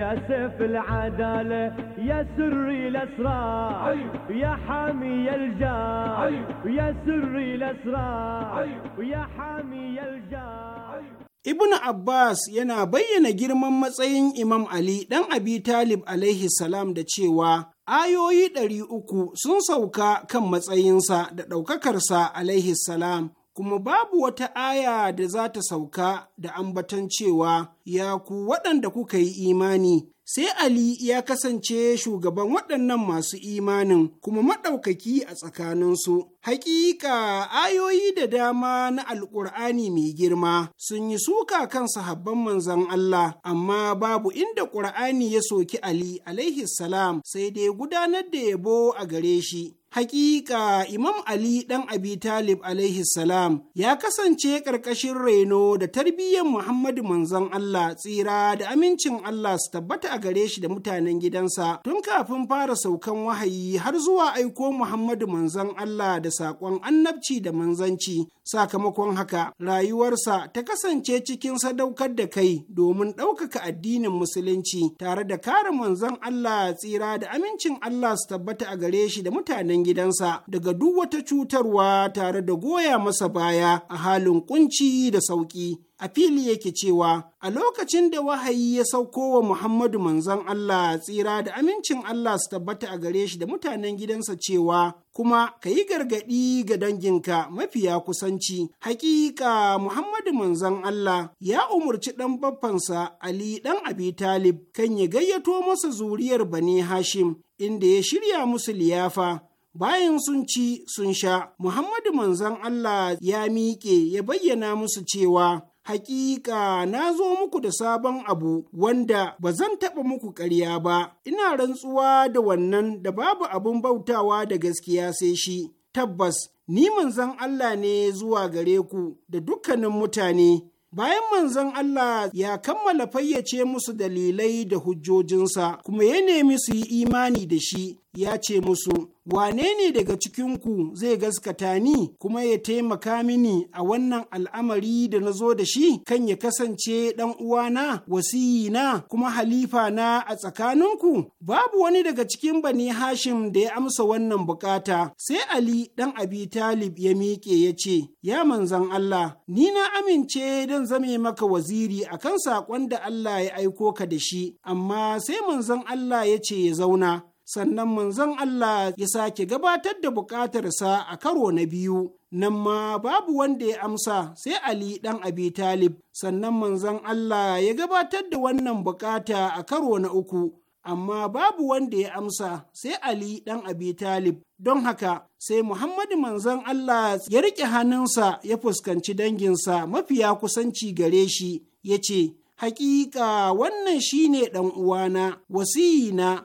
يا سيف العدالة يا سري الأسرار أيوه. يا حامي الجار أيوه. يا سري الأسرار أيوه. يا حامي الجار Ibn Abbas yana bayyana girman matsayin Imam Ali ɗan Abi Talib alaihi salam da cewa ayoyi ɗari uku sun sauka kan matsayinsa da ɗaukakarsa alaihi salam kuma babu wata aya da za ta sauka da ambatan cewa ya ku waɗanda kuka yi imani sai Ali ya kasance shugaban waɗannan masu imanin kuma maɗaukaki a tsakaninsu. Hakika ayoyi da dama na Alƙur'ani mai girma sun yi suka kan sahabban manzan Allah, amma babu inda Ƙur'ani ya soki Ali alaihi salam sai dai gudanar da yabo a gare shi. Hakika Imam Ali ɗan Abi Talib alaihi salam ya kasance ƙarƙashin reno da tarbiyyar Muhammadu manzon Allah tsira da amincin Allah su tabbata a gare shi da mutanen gidansa tun kafin fara saukan wahayi har zuwa aiko Muhammadu manzon Allah da saƙon annabci da manzanci. Sakamakon haka rayuwarsa ta kasance cikin sadaukar da kai domin ɗaukaka addinin musulunci tare da kare manzon Allah tsira da amincin Allah su tabbata a gare shi da mutanen cikin gidansa daga duk wata cutarwa tare da goya masa baya a halin kunci da sauƙi. a fili yake cewa a lokacin da wahayi ya sauko wa Muhammadu manzon Allah tsira da amincin Allah su tabbata a gare shi da mutanen gidansa cewa kuma ka yi gargaɗi ga danginka mafiya kusanci hakika Muhammadu manzon Allah ya umarci ɗan baffansa Ali ɗan Abi Talib kan ya gayyato masa zuriyar Bani Hashim inda ya shirya musu liyafa Bayan sun ci sun sha, Muhammadu manzon Allah ya miƙe ya bayyana musu cewa hakika na zo muku da sabon abu wanda ba zan taɓa muku ƙarya ba, ina rantsuwa da wannan da babu abin bautawa da gaskiya sai shi, tabbas ni manzan Allah ne zuwa gare ku da dukkanin mutane. Bayan manzan Allah ya kammala fayyace musu dalilai da hujjojinsa, kuma ya nemi su yi imani da shi, ya ce musu, Wane ne daga cikinku zai gaskata ni kuma ya taimaka mini a wannan al'amari da na zo da shi kan ya kasance ɗan uwana, wasiyina kuma halifa na a tsakaninku? Babu wani daga cikin bani Hashim da ya amsa wannan bukata, sai Ali ɗan Abi Talib ya miƙe ya ce, Ya manzan Allah, ni na amince don zame maka waziri a kan saƙon da Allah ya aiko ka da shi, amma sai manzan Allah ya ce ya zauna. sannan manzon Allah ya sake gabatar da buƙatarsa a karo na biyu. Nan ma babu wanda ya amsa sai Ali ɗan Abi Talib, sannan manzon Allah ya gabatar da wannan bukata a karo na uku. amma babu wanda ya amsa sai Ali ɗan Abi Talib. Don haka sai Muhammadu manzon Allah ya riƙe hannunsa ya fuskanci danginsa mafiya kusanci gare shi ya ce, Hakika wannan shine ɗan uwana, wasiyina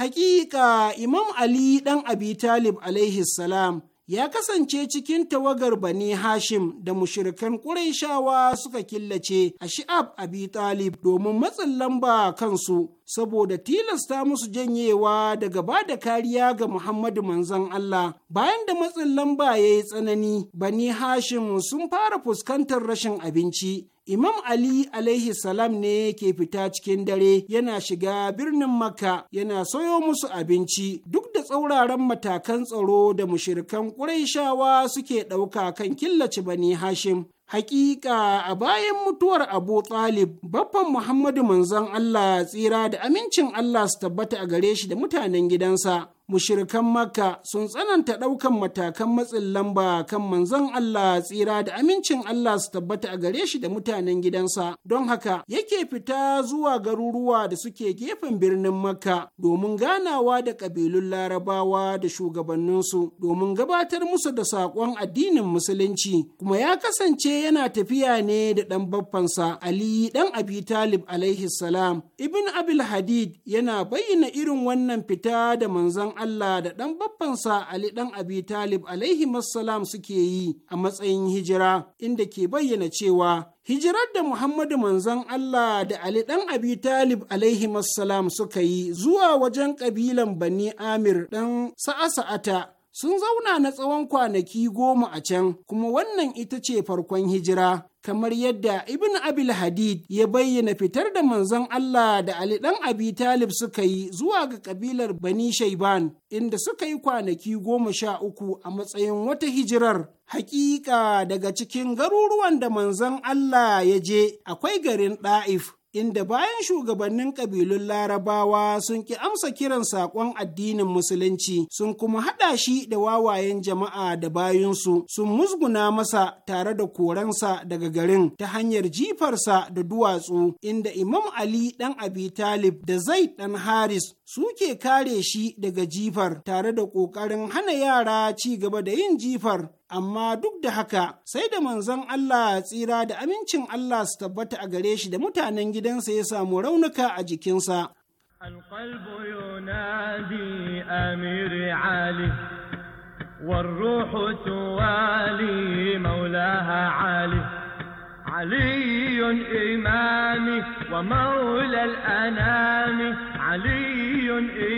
Hakika Imam Ali ɗan Abi Talib alaihi salam ya kasance cikin tawagar Bani Hashim da mushirikan shawa suka killace a Shi'ab Abi Talib domin matsin lamba kansu saboda tilasta musu janyewa daga ba da kariya ga Muhammadu manzon Allah. Bayan da matsin lamba ya yi tsanani, Bani Hashim sun fara fuskantar rashin abinci. Imam Ali alaihi salam ne ke fita cikin dare yana shiga birnin Makka yana soyo musu abinci duk da tsauraran matakan tsaro da mushirikan Qurayshawa suke ɗauka kan killace Bani Hashim. Hakika a bayan mutuwar Abu Talib, baffan Muhammadu manzon Allah tsira da amincin Allah su tabbata a gare shi da mutanen gidansa, mushirikan Makka sun tsananta ɗaukan matakan matsin lamba kan manzon Allah tsira da amincin Allah su tabbata a gare shi da mutanen gidansa. Don haka yake fita zuwa garuruwa da suke gefen birnin Makka domin ganawa da ƙabilun Larabawa da shugabanninsu domin gabatar musu da saƙon addinin Musulunci. Kuma ya kasance yana tafiya ne da ɗan baffansa Ali ɗan Abi Talib alaihi salam. Ibn Abil Hadid yana bayyana irin wannan fita da manzon Allah da ɗan baffansa Ali ɗan Abi Talib alaihi salam suke yi a matsayin hijira inda ke bayyana cewa hijirar da Muhammadu manzon Allah da Ali ɗan Abi Talib alaihi salam suka yi zuwa wajen ƙabilan Bani Amir ɗan sa'asa'ata sun zauna na tsawon kwanaki goma a can kuma wannan ita ce farkon hijira kamar yadda ibn abil hadid ya bayyana fitar da manzon Allah da Ali dan Abi Talib suka yi zuwa ga kabilar Bani Shaiban inda suka yi kwanaki goma sha uku a matsayin wata hijirar hakika daga cikin garuruwan da manzon Allah ya je akwai garin Da'if inda bayan shugabannin ƙabilun larabawa sun ƙi amsa kiran saƙon addinin musulunci sun kuma haɗa shi da wawayen jama'a da bayansu, sun musguna masa tare da korensa daga garin ta hanyar jifarsa da duwatsu inda imam ali ɗan abi talib da zai ɗan haris suke kare shi daga jifar tare da ƙoƙarin hana yara ci gaba da yin jifar amma duk da haka sai da manzon Allah ya tsira da amincin Allah su tabbata a gare shi da mutanen gidansa ya samu raunuka a jikinsa. القلب ينادي أمير علي والروح توالي مولاها علي علي إمامي ومولى الأنام علي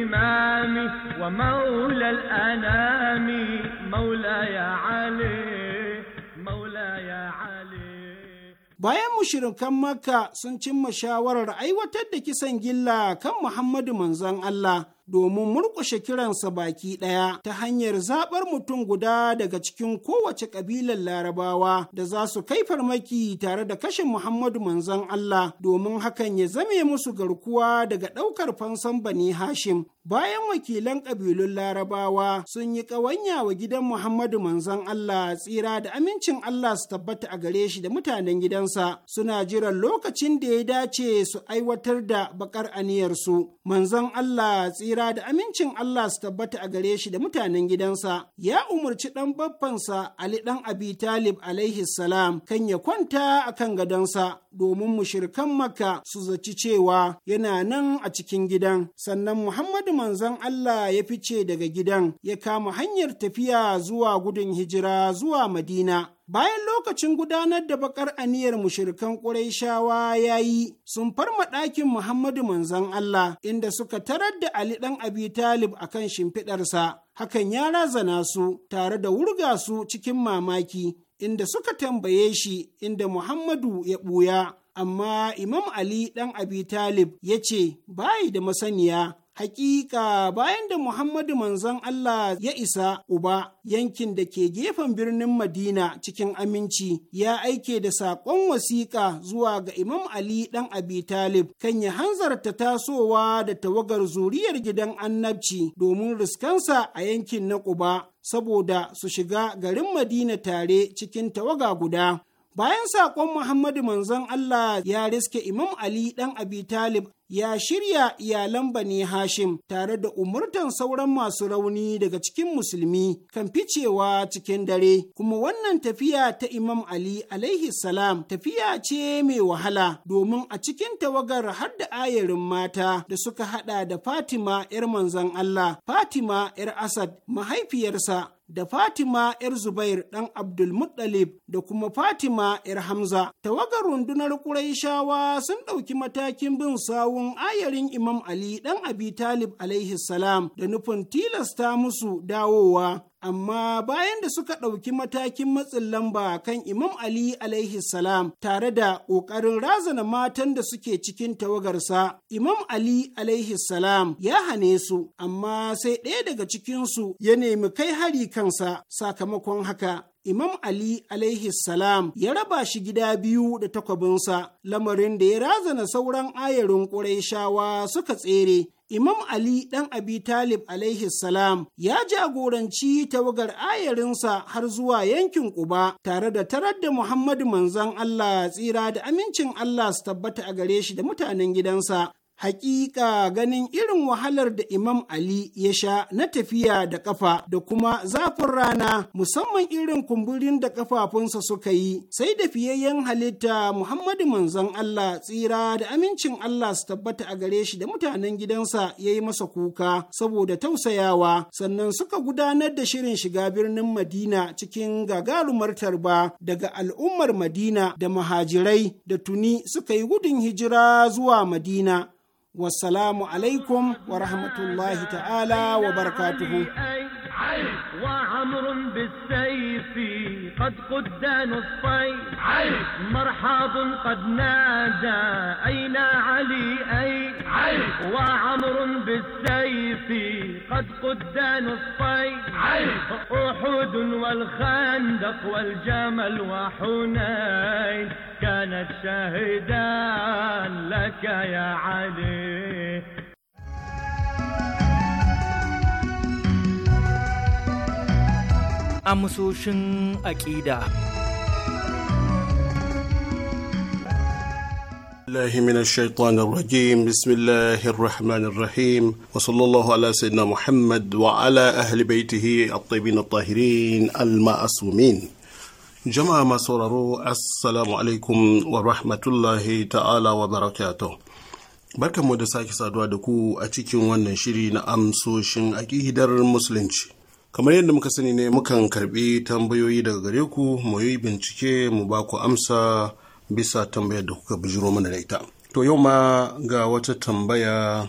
إمامي ومولى الأنام مولى يا علي مولى يا علي Bayan mushirikan Makka sun cimma shawarar aiwatar da kisan gilla kan Muhammadu manzon Allah domin murƙushe kiransa baki ɗaya ta hanyar zaɓar mutum guda daga cikin kowace ƙabilar larabawa da za su kai farmaki tare da kashin Muhammadu manzon Allah domin hakan ya zame musu garkuwa daga ɗaukar fansan Bani Hashim Bayan wakilan ƙabilun Larabawa sun yi ƙawanya wa gidan Muhammadu manzon Allah tsira da amincin Allah su tabbata a gare shi da mutanen gidansa suna jiran lokacin da ya dace su aiwatar da bakar aniyarsu. Manzon Allah tsira da amincin Allah su tabbata a gare shi da mutanen gidansa ya umarci ɗan baffansa Ali ɗan Abi Talib alaihi salam kan ya kwanta a kan gadonsa domin mushirikan Makka su zaci cewa yana nan a cikin gidan. Sannan Muhammadu manzon Allah ya fice daga gidan ya kama hanyar tafiya zuwa gudun hijira zuwa Madina. Bayan lokacin gudanar da bakar aniyar mushirikan Qurayshawa ya yi, sun farma ɗakin Muhammadu manzon Allah inda suka tarar da Ali ɗan Abi Talib a kan shimfiɗarsa. Hakan ya razana su tare da wurga su cikin mamaki inda suka tambaye shi inda Muhammadu ya ɓuya. Amma Imam Ali ɗan Abi Talib ya ce, bayi da masaniya Hakika bayan da Muhammadu manzon Allah ya isa Uba yankin da ke gefen birnin Madina cikin aminci ya aike da saƙon wasiƙa zuwa ga Imam Ali ɗan Abi Talib kan ya hanzarta tasowa da tawagar zuriyar gidan annabci domin riskansa a yankin na Quba saboda su shiga garin Madina tare cikin tawaga guda. Bayan saƙon Muhammadu manzon Allah ya riske Imam Ali ɗan Abi Talib ya shirya iyalan Bani Hashim tare da umurtan sauran masu rauni daga cikin musulmi kan ficewa cikin dare, kuma wannan tafiya ta Imam Ali alaihi salam tafiya ce mai wahala domin a cikin tawagar har da ayarin mata da suka hada da Fatima 'yar manzan Allah, Fatima 'yar Asad mahaifiyarsa da Fatima ‘yar Zubair ɗan Abdulmuttalib da kuma Fatima ‘yar Hamza. Tawagar rundunar shawa sun ɗauki matakin bin sawun laifin ayarin Imam Ali ɗan Abi Talib alaihi salam da nufin tilasta musu dawowa amma bayan da suka ɗauki matakin matsin lamba kan Imam Ali alaihi salam tare da ƙoƙarin razana matan da suke cikin tawagarsa, Imam Ali alaihi salam ya hane su, amma sai ɗaya daga cikinsu ya nemi kai hari kansa sakamakon haka. Imam Ali alaihi salam ya raba shi gida biyu da takwabinsa, lamarin da ya razana sauran ayarin Qurayshawa suka tsere. Imam Ali ɗan Abi Talib alaihi salam ya jagoranci tawagar ayarinsa har zuwa yankin Quba tare da tarar da Muhammadu manzon Allah tsira da amincin Allah su tabbata a gare shi da mutanen gidansa Hakika ganin irin wahalar da Imam Ali ya sha na tafiya da ƙafa da kuma zafin rana musamman irin kumburin da ƙafafunsa suka yi sai da fiyayyen halitta Muhammadu manzon Allah tsira da amincin Allah su tabbata a gare shi da mutanen gidansa ya yi masa kuka saboda tausayawa sannan suka gudanar da shirin shiga birnin Madina cikin gagarumar tarba daga al'ummar Madina da mahajirai da tuni suka yi gudun hijira zuwa Madina. wassalamu alaikum wa rahmatullahi ta'ala wa barakatuhu وعمر بالسيف قد قد نصفين مرحب قد نادى أين علي أي وعمر بالسيف قد قد نصفين أحد والخندق والجمل وحنين كانت شاهدان لك يا علي amsoshin aƙida. الله من الشيطان الرجيم بسم الله الرحمن الرحيم وصلى الله على سيدنا محمد وعلى أهل بيته الطيبين الطاهرين المعصومين جماعة ما سورارو السلام عليكم ورحمة الله تعالى وبركاته barkanmu da sake saduwa da ku a cikin wannan shiri na amsoshin aƙidar musulunci kamar yadda muka sani ne mukan karbi tambayoyi daga gare ku mu yi bincike mu ba ku amsa bisa tambayar da kuka bijiro mana da ita to yau ma ga wata tambaya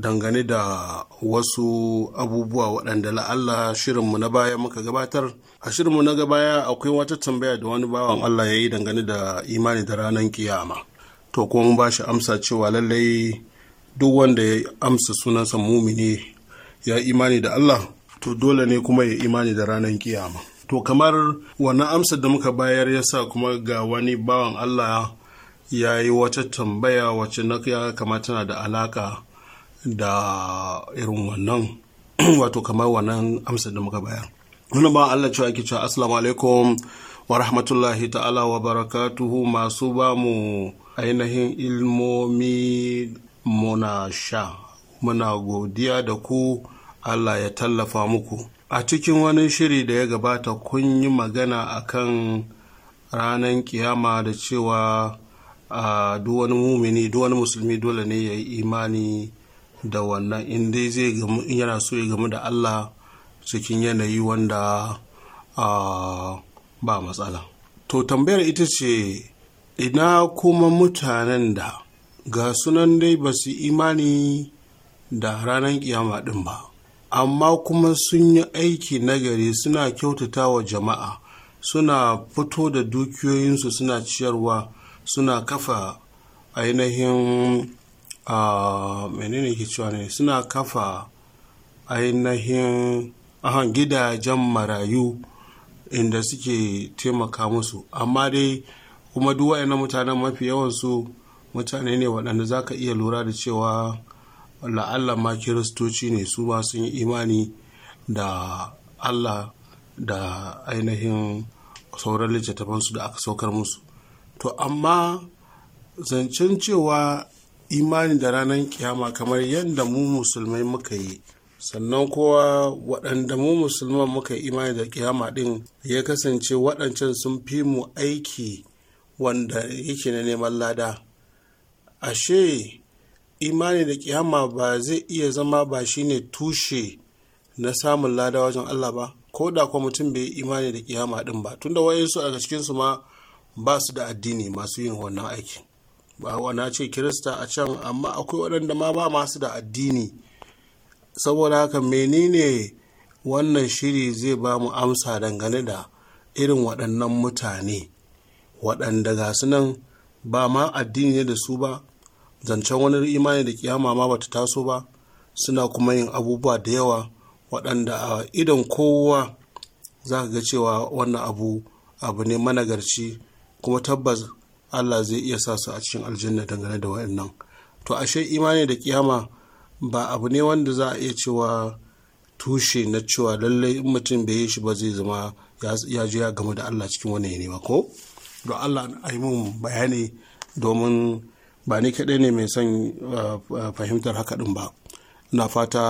dangane da wasu abubuwa waɗanda la'alla shirinmu na baya muka gabatar a shirinmu na baya akwai wata tambaya da wani bawan Allah ya yi dangane da imani da ranar kiyama to kuma mu ba shi amsa cewa lallai duk wanda ya amsa sunansa mumini ya imani da Allah to dole ne kuma ya imani da ranar kiyama to kamar wani amsar da muka bayar ya sa kuma ga wani bawan allah ya yi wata tambaya wacce na ya kamata na da alaka da irin wannan wato kamar wannan amsar da muka bayar wani bawan allah cewa ake cewa assalamu alaikum wa rahmatullahi ta'ala wa barakatuhu masu ba mu ainihin ilmomi muna sha muna godiya da ku Allah ya tallafa muku. A cikin wani shiri da ya gabata kun yi magana a kan ranar kiyama da cewa a duwani mumini duwani musulmi dole ne ya yi imani da wannan in dai zai gamu yana so ya gamu da Allah cikin yanayi wanda ba matsala. To tambayar ita ce ina kuma mutanen da ga sunan dai ba su imani da ranar kiyama din ba amma kuma sun yi aiki nagari suna kyautata wa jama'a suna fito da dukiyoyinsu suna ciyarwa suna kafa ainihin menene ke cewa ne suna kafa ainihin ahan gidajen marayu inda suke taimaka musu amma dai kuma duk na mutanen mafi yawansu mutane ne waɗanda za ka iya lura da cewa la'alla ma kiristoci ne su ba sun yi imani da allah da ainihin sauran littattafansu da aka saukar musu to amma zancen cewa imani da ranar kiyama kamar yadda mu musulmai muka yi sannan kowa waɗanda mu musulman muka yi imani da kiyama ɗin ya kasance waɗancan sun fi mu aiki wanda yake na neman lada ashe imani da kiyama ba zai iya zama ba shine tushe na samun lada wajen Allah ba ko da kuma mutum bai imani da kiyama din ba tunda wayansu a cikin su ma ba su da addini masu yin wannan aiki. ba wani ce kirista a can amma akwai waɗanda ma ba masu da addini saboda haka menene wannan shiri zai ba mu amsa dangane da irin waɗannan mutane waɗanda ga su nan ba ma addini ne da su ba zancen wani imani da kiyama ma bata taso ba suna kuma yin abubuwa da yawa waɗanda a idan kowa za ga cewa wannan abu abu ne managarci kuma tabbas allah zai iya sa su a cikin aljanna dangane da wa'annan to ashe imani da kiyama ba abu ne wanda za a iya cewa tushe na cewa lallai mutum bai yi shi ba zai zama ya je ya gamu da allah cikin wani ne ba ko don allah a yi mun bayani domin ba ni kaɗai ne mai son uh, uh, fahimtar haka ɗin ba na fata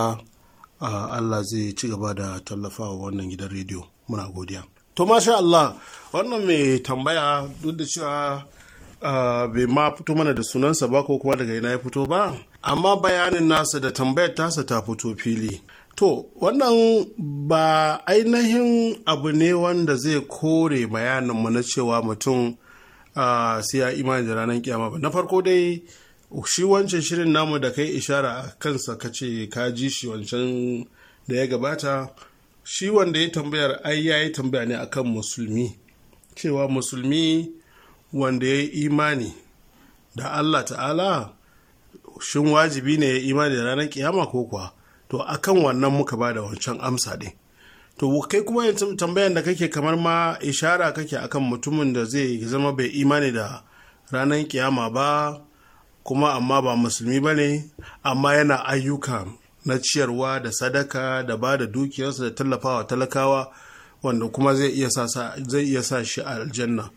uh, allah zai ci gaba da tallafawa wannan gidan rediyo muna godiya to masha allah wannan mai tambaya duk da cewa bai ma fito mana da sunansa ba ko kuma daga ina ya fito ba amma bayanin nasa da tambayar tasa ta fito fili To, wannan ba ainihin abu ne wanda zai kore bayaninmu na cewa mutum sai ya imani da ranar kiyama ba na farko dai shi wancan shirin namu da kai ishara a kansa ka ce ka ji shi wancan da ya gabata shi wanda ya tambayar ai ya yi tambaya ne akan musulmi cewa musulmi wanda ya yi imani da allah ta'ala shin wajibi ne ya imani da ranar kiyama ko kuwa to akan wannan muka ba da wancan amsa din to kai kuma yanzu tambayan da kake kamar ma ishara kake akan mutumin da zai zama bai imani da ranar kiyama ba kuma amma ba musulmi ba ne amma yana ayyuka na ciyarwa da sadaka da ba da dukiyarsa da tallafawa talakawa wanda kuma zai iya sa shi a aljanna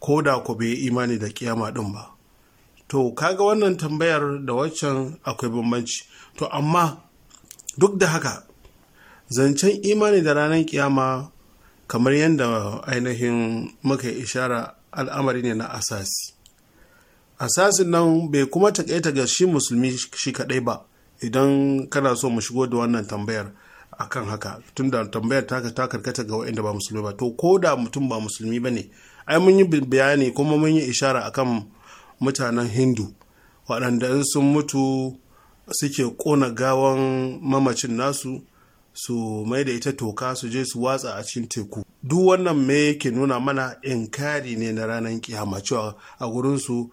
ko da ku bai imani da kiyama din ba to kaga wannan tambayar da waccan akwai bambanci to amma duk da haka zancen imani da ranar kiyama kamar yadda ainihin muka ishara al'amari ne na asasi asasin nan bai kuma takaita ga shi musulmi shi kadai ba idan kana so mu shigo da wannan tambayar akan haka tun da tambayar ta karkata ga waɗanda ba musulmi ba to ko da mutum ba musulmi ba ne ai mun yi bayani kuma mun yi ishara akan mutanen hindu waɗanda sun mutu suke ƙona gawan mamacin nasu su mai da ita toka su je su watsa a cikin teku duk wannan me yake nuna mana inkari ne na ranar kiyama cewa a gurinsu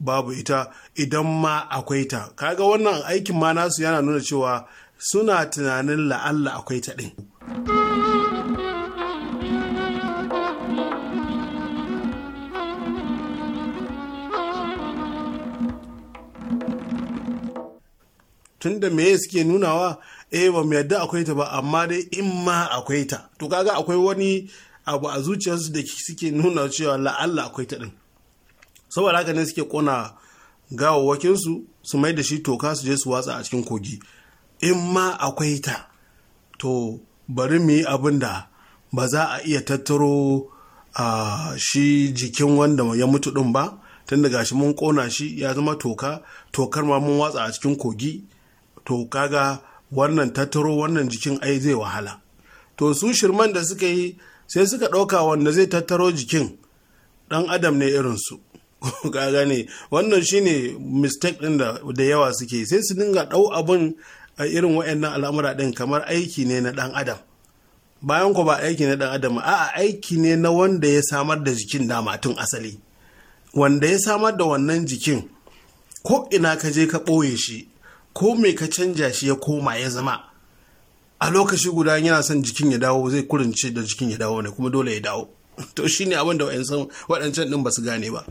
babu ita idan ma akwai ta kaga wannan aikin ma nasu yana nuna cewa suna tunanin la'alla akwai ta ɗin tunda me suke nunawa eh ba mu yadda akwai ta ba amma dai in ma akwai ta to kaga akwai wani abu a zuciyarsu da suke nuna cewa la'alla akwai ta din saboda haka ne suke kona wakinsu, su mai da shi toka su je su watsa a cikin kogi in ma akwai ta to bari mu yi abin da ba za a iya tattaro a shi jikin wanda ya mutu din ba tun daga shi mun kona shi ya zama toka tokar ma mun watsa a cikin kogi to kaga wannan tattaro wannan jikin ai zai wahala to su shirman da suka yi sai suka ɗauka wanda zai tattaro jikin ɗan adam ne irinsu ka gane wannan shine mistake ɗin da yawa suke sai su dinga ɗau abin a irin waɗannan al'amura ɗin kamar aiki ne na ɗan adam bayan ku ba aiki na ɗan adam a'a aiki ne na wanda ya samar da jikin dama tun asali wanda ya samar da wannan jikin ko ina ka je ka ɓoye shi ko me ka canja shi ya koma ya zama a lokaci guda yana son jikin ya dawo zai kurince da jikin ya dawo ne kuma dole ya dawo to shi ne abin da waɗancan ɗin ba su gane ba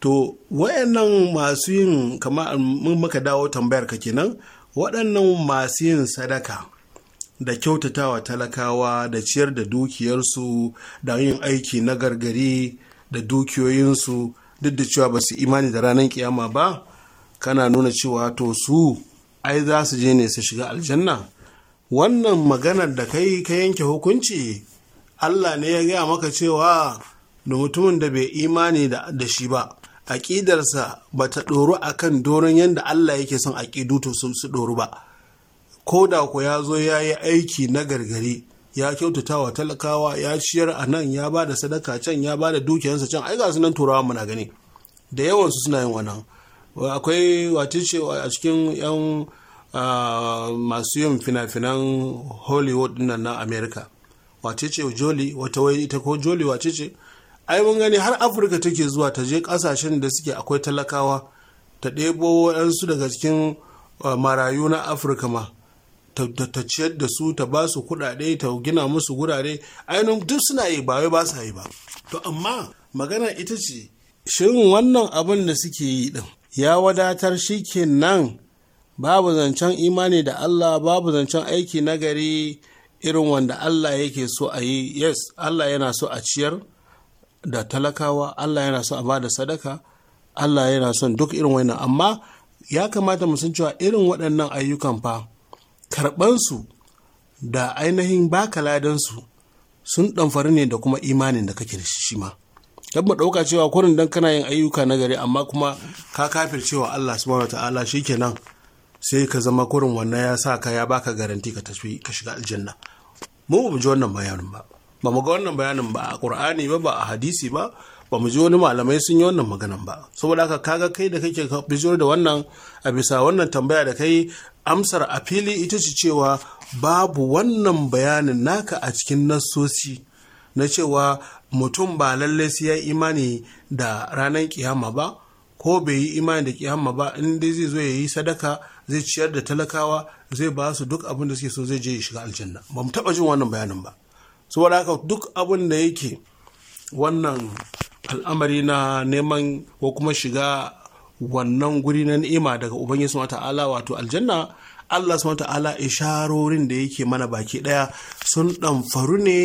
to wayannan masu yin kama mun maka dawo tambayar ka kenan waɗannan masu yin sadaka da kyautatawa talakawa da ciyar da dukiyarsu da yin aiki na gargari da dukiyoyinsu duk da cewa ba su imani da ranar kiyama ba kana nuna cewa to su ai za su je ne su shiga aljanna wannan maganar da kai ka yanke hukunci allah ne ya gaya maka cewa da mutumin da bai imani da shi ba aƙidarsa ba ta ɗoru a kan doron yadda allah yake son aƙidu to su ɗoru ba ko da ku ya zo ya yi aiki na gargari ya kyautata wa talakawa ya ciyar a nan ya ba da sadaka can ya ba da dukiyarsa can ai ga su nan turawa muna gani da yawansu suna yin wannan akwai watice a cikin 'yan masu yin fina-finan hollywood nan na america watice joli wata wai ita ko joli watice ai mun gani har afirka take zuwa ta je kasashen da suke akwai talakawa ta ɗebo waɗansu daga cikin marayu na afirka ma ta ciyar da su ta ba su kuɗaɗe ta gina musu gurare ainihin duk suna yi ba wai ba su yi ba to amma magana ita ce shirin wannan abin da suke yi din ya wadatar shi nan babu zancen imani da Allah babu zancen aiki nagari irin wanda Allah yake so a yi yes Allah yana so a ciyar da talakawa Allah yana so a ba da sadaka Allah yana son duk irin wannan amma ya kamata mu san cewa irin waɗannan ayyukan fa karɓansu da ainihin baka ladansu sun ɗamfari ne da kuma imanin da kake da shi ma dan mu dauka cewa kurin dan kana yin ayyuka na gari amma kuma ka kafir cewa Allah subhanahu wataala shikenan sai ka zama kurin wannan ya sa ka ya baka garanti ka tafi ka shiga aljanna mu ba mu ji wannan bayanin ba ba mu ga wannan bayanin ba a Qur'ani ba ba a hadisi ba ba mu ji wani malamai sun yi wannan maganan ba saboda haka kaga kai da kake bijiyar da wannan a bisa wannan tambaya da kai amsar a fili ita ce cewa babu wannan bayanin naka a cikin nassosi na cewa mutum ba lalle sai ya imani da ranar kiyama ba ko bai yi imani da kiyama ba in dai zai zo ya yi sadaka zai ciyar da talakawa zai ba su duk abin da suke so zai je ya shiga aljanna ba mu taba jin wannan bayanin ba saboda haka duk abin da yake wannan al'amari na neman ko kuma shiga wannan guri na ni'ima daga ubangiji subhanahu ta'ala wato aljanna Allah subhanahu ta'ala isharorin da yake mana baki daya sun ɗamfaru ne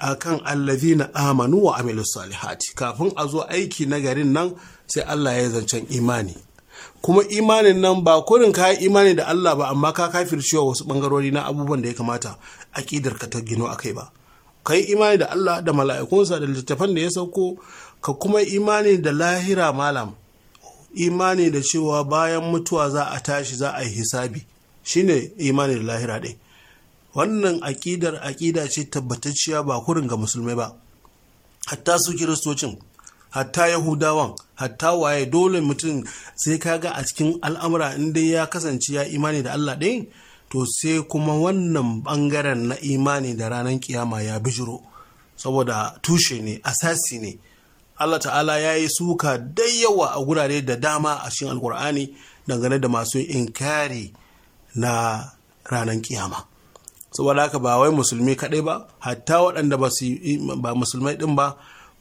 akan allazina amanu wa amilu salihati kafin a zo aiki na garin nan sai Allah ya zancen imani kuma imanin nan ba kurin ka imani da Allah ba amma ka kafircewa wasu bangarori na abubuwan da ya kamata ƙidar ka ta gino kai ba ka yi imani da Allah da mala'ikunsa da littattafan da ya sauko ka kuma imani da lahira malam imani da cewa bayan mutuwa za a tashi za a yi hisabi shine imani da lahira dai wannan aƙidar aƙida ce tabbatacciya ba kurin ga musulmai ba hatta su kiristocin hatta yahudawan hatta waye dole mutum sai kaga a cikin al'amura inda ya kasance ya imani da allah ɗin to sai kuma wannan bangaren na imani da ranar kiyama ya bijiro saboda tushe ne asasi ne allah ta'ala ya yi suka da yawa a gurare da dama a cikin alkur'ani dangane da masu inkari na ranar kiyama saboda haka ba wai musulmi kaɗai ba hatta waɗanda ba su ba musulmai ɗin ba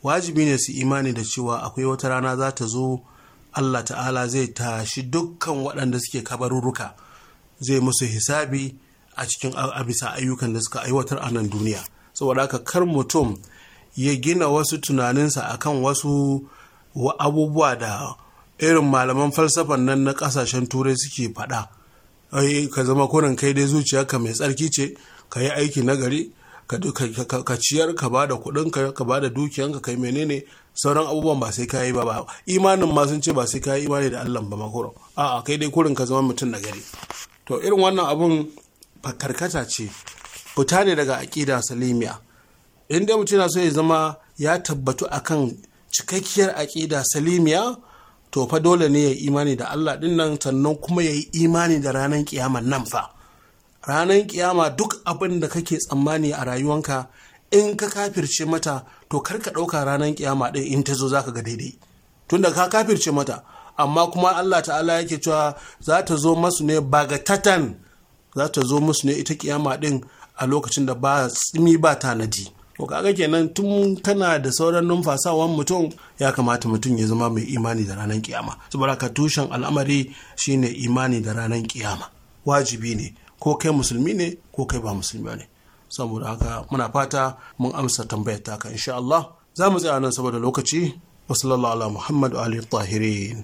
wajibi ne su imani da cewa akwai wata rana za ta zo allah ta'ala zai tashi dukkan waɗanda suke kabarurruka zai musu hisabi a cikin a ayyukan da suka aiwatar a nan duniya saboda haka kar mutum ya gina wasu tunaninsa akan wasu abubuwa da irin malaman falsafan nan na ƙasashen turai suke faɗa ai ka zama kurin kai dai ka mai tsarki ce ka yi aiki nagari ka ciyar ka bada kudin ka bada dukiyanka kai menene sauran abubuwan ba sai ka yi ba imanin ma sun ce ba sai ka yi imani da Allah ba makoro a'a kai dai kurin ka zama mutum nagari to irin wannan abun karkata ce fita ne daga aƙida salimiya in dai mutum na so ya zama ya tabbatu akan cikakkiyar aƙida salimiya to fa dole ne ya yi imani da Allah din nan sannan kuma ya yi imani da ranar kiyama nan fa ranar kiyama duk abin da kake tsammani a rayuwanka in ka kafirce mata to kar ka ɗauka ranar kiyama ɗin in ta zo za ka ga daidai tunda ka kafirce mata amma kuma Allah ta'ala yake cewa za ta zo masu ne bagatatan za ta zo musu ne ita kiyama ɗin a lokacin da ba tsimi ba tanadi. to kaga kenan tun kana da sauran numfasawan mutum ya kamata mutum ya zama mai imani da ranar kiyama saboda ka tushen al'amari shine imani da ranar kiyama wajibi ne ko kai musulmi ne ko kai ba musulmi ne saboda haka muna fata mun amsa tambayar taka insha Allah za mu tsaya nan saboda lokaci wasu ala muhammad ali tahirin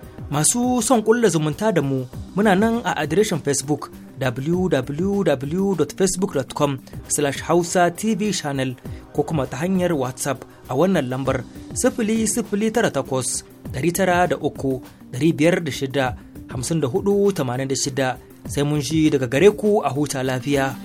Masu son ƙulla zumunta da mu muna nan a adireshin Facebook www.facebook.com slash hausa tv channel ko kuma ta hanyar WhatsApp a wannan lambar sifili sifili tara takwas ɗari tara da uku ɗari hamsin da hudu tamanin da shida sai mun shi daga gare ku a huta lafiya.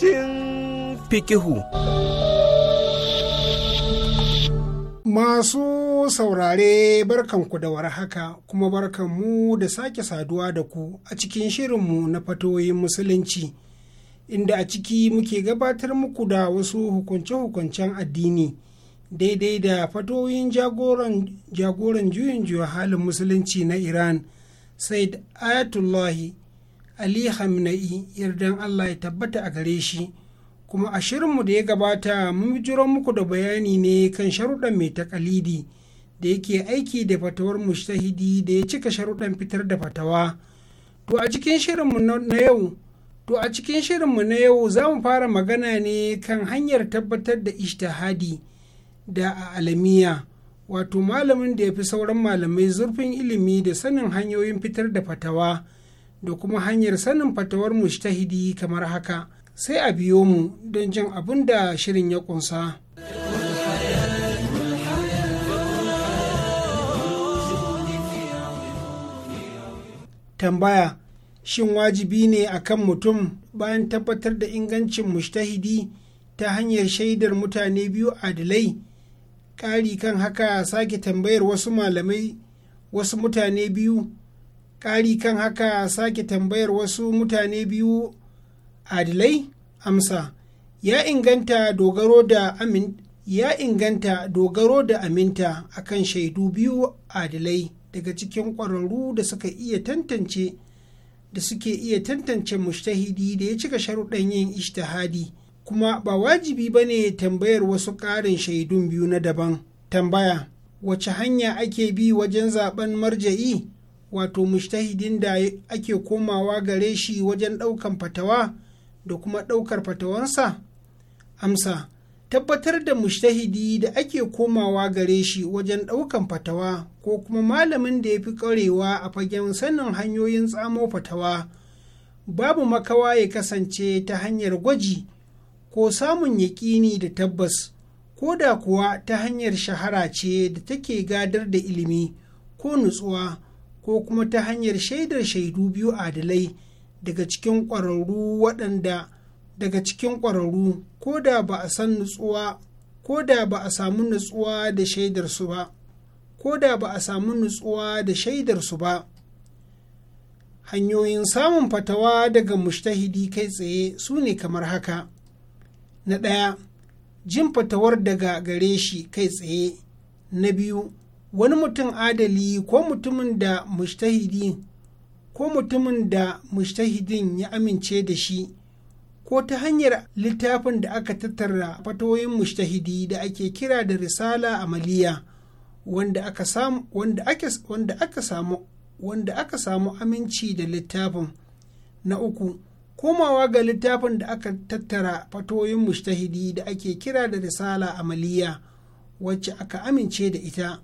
ƙarƙashin fikihu. Masu saurare barkanku da haka kuma barkanmu da sake saduwa da ku a cikin shirinmu na fatoyin musulunci inda a ciki muke gabatar muku da wasu hukunce-hukuncen addini daidai da fatoyin jagoran juyin juya halin musulunci na Iran Said Ayatullahi ali hamna'i yardan allah ya tabbata a gare shi kuma a shirinmu da ya gabata mun jiro muku da bayani ne kan sharuɗan mai takalidi da yake aiki da fatawar mushtahidi da ya cika sharuɗan fitar da fatawa to a cikin shirinmu na yau to a cikin shirinmu na yau za mu fara magana ne kan hanyar tabbatar da ishtihadi da a alamiya wato malamin da ya fi sauran malamai zurfin ilimi da sanin hanyoyin fitar da fatawa. da kuma hanyar sanin fatawar mushtahidi kamar haka sai a biyo mu don jin abin da shirin ya kunsa. tambaya shin wajibi ne akan mutum bayan tabbatar da ingancin mushtahidi ta hanyar shaidar mutane biyu adalai ƙari kan haka sake tambayar wasu malamai wasu mutane biyu ƙari kan haka sake tambayar wasu mutane biyu adilai amsa ya inganta dogaro da amin ya inganta dogaro da aminta akan shaidu biyu adilai daga cikin ƙwararru da suka iya tantance da suke iya tantance mushtahidi da ya cika sharuɗan yin ishtihadi kuma ba wajibi ba ne tambayar wasu ƙarin shaidun biyu na daban tambaya wace hanya ake bi wajen zaben marja'i wato mushtahidin da ake komawa gare shi wajen ɗaukan fatawa da kuma ɗaukar fatawansa amsa tabbatar da mushtahidi da ake komawa gare shi wajen ɗaukan fatawa ko kuma malamin da ya fi ƙwarewa a fagen sanin hanyoyin tsamo fatawa babu makawa ya kasance ta hanyar gwaji ko samun yaƙini da tabbas ko da kuwa ta hanyar shahara ce da take gadar da ilimi ko nutsuwa ko kuma ta hanyar shaidar shaidu biyu adalai daga cikin ƙwararru waɗanda daga cikin ƙwararru ko da ba a san nutsuwa ko da ba a samu nutsuwa da shaidar su ba ko da ba a samu nutsuwa da shaidar su ba hanyoyin samun fatawa daga mushtahidi kai tsaye su ne kamar haka na ɗaya jin fatawar daga gare shi kai tsaye na biyu wani mutum adali ko mutumin da mustahidi ko mutumin da mushtahidin ya amince da shi ko ta hanyar littafin da aka tattara fatoyin mushtahidi da ake kira da risala amaliya wanda aka samu wanda ake wanda aka samu wanda aka samu aminci da littafin na uku komawa ga littafin da aka tattara fatoyin mushtahidi da ake kira da risala amaliya wacce aka amince da ita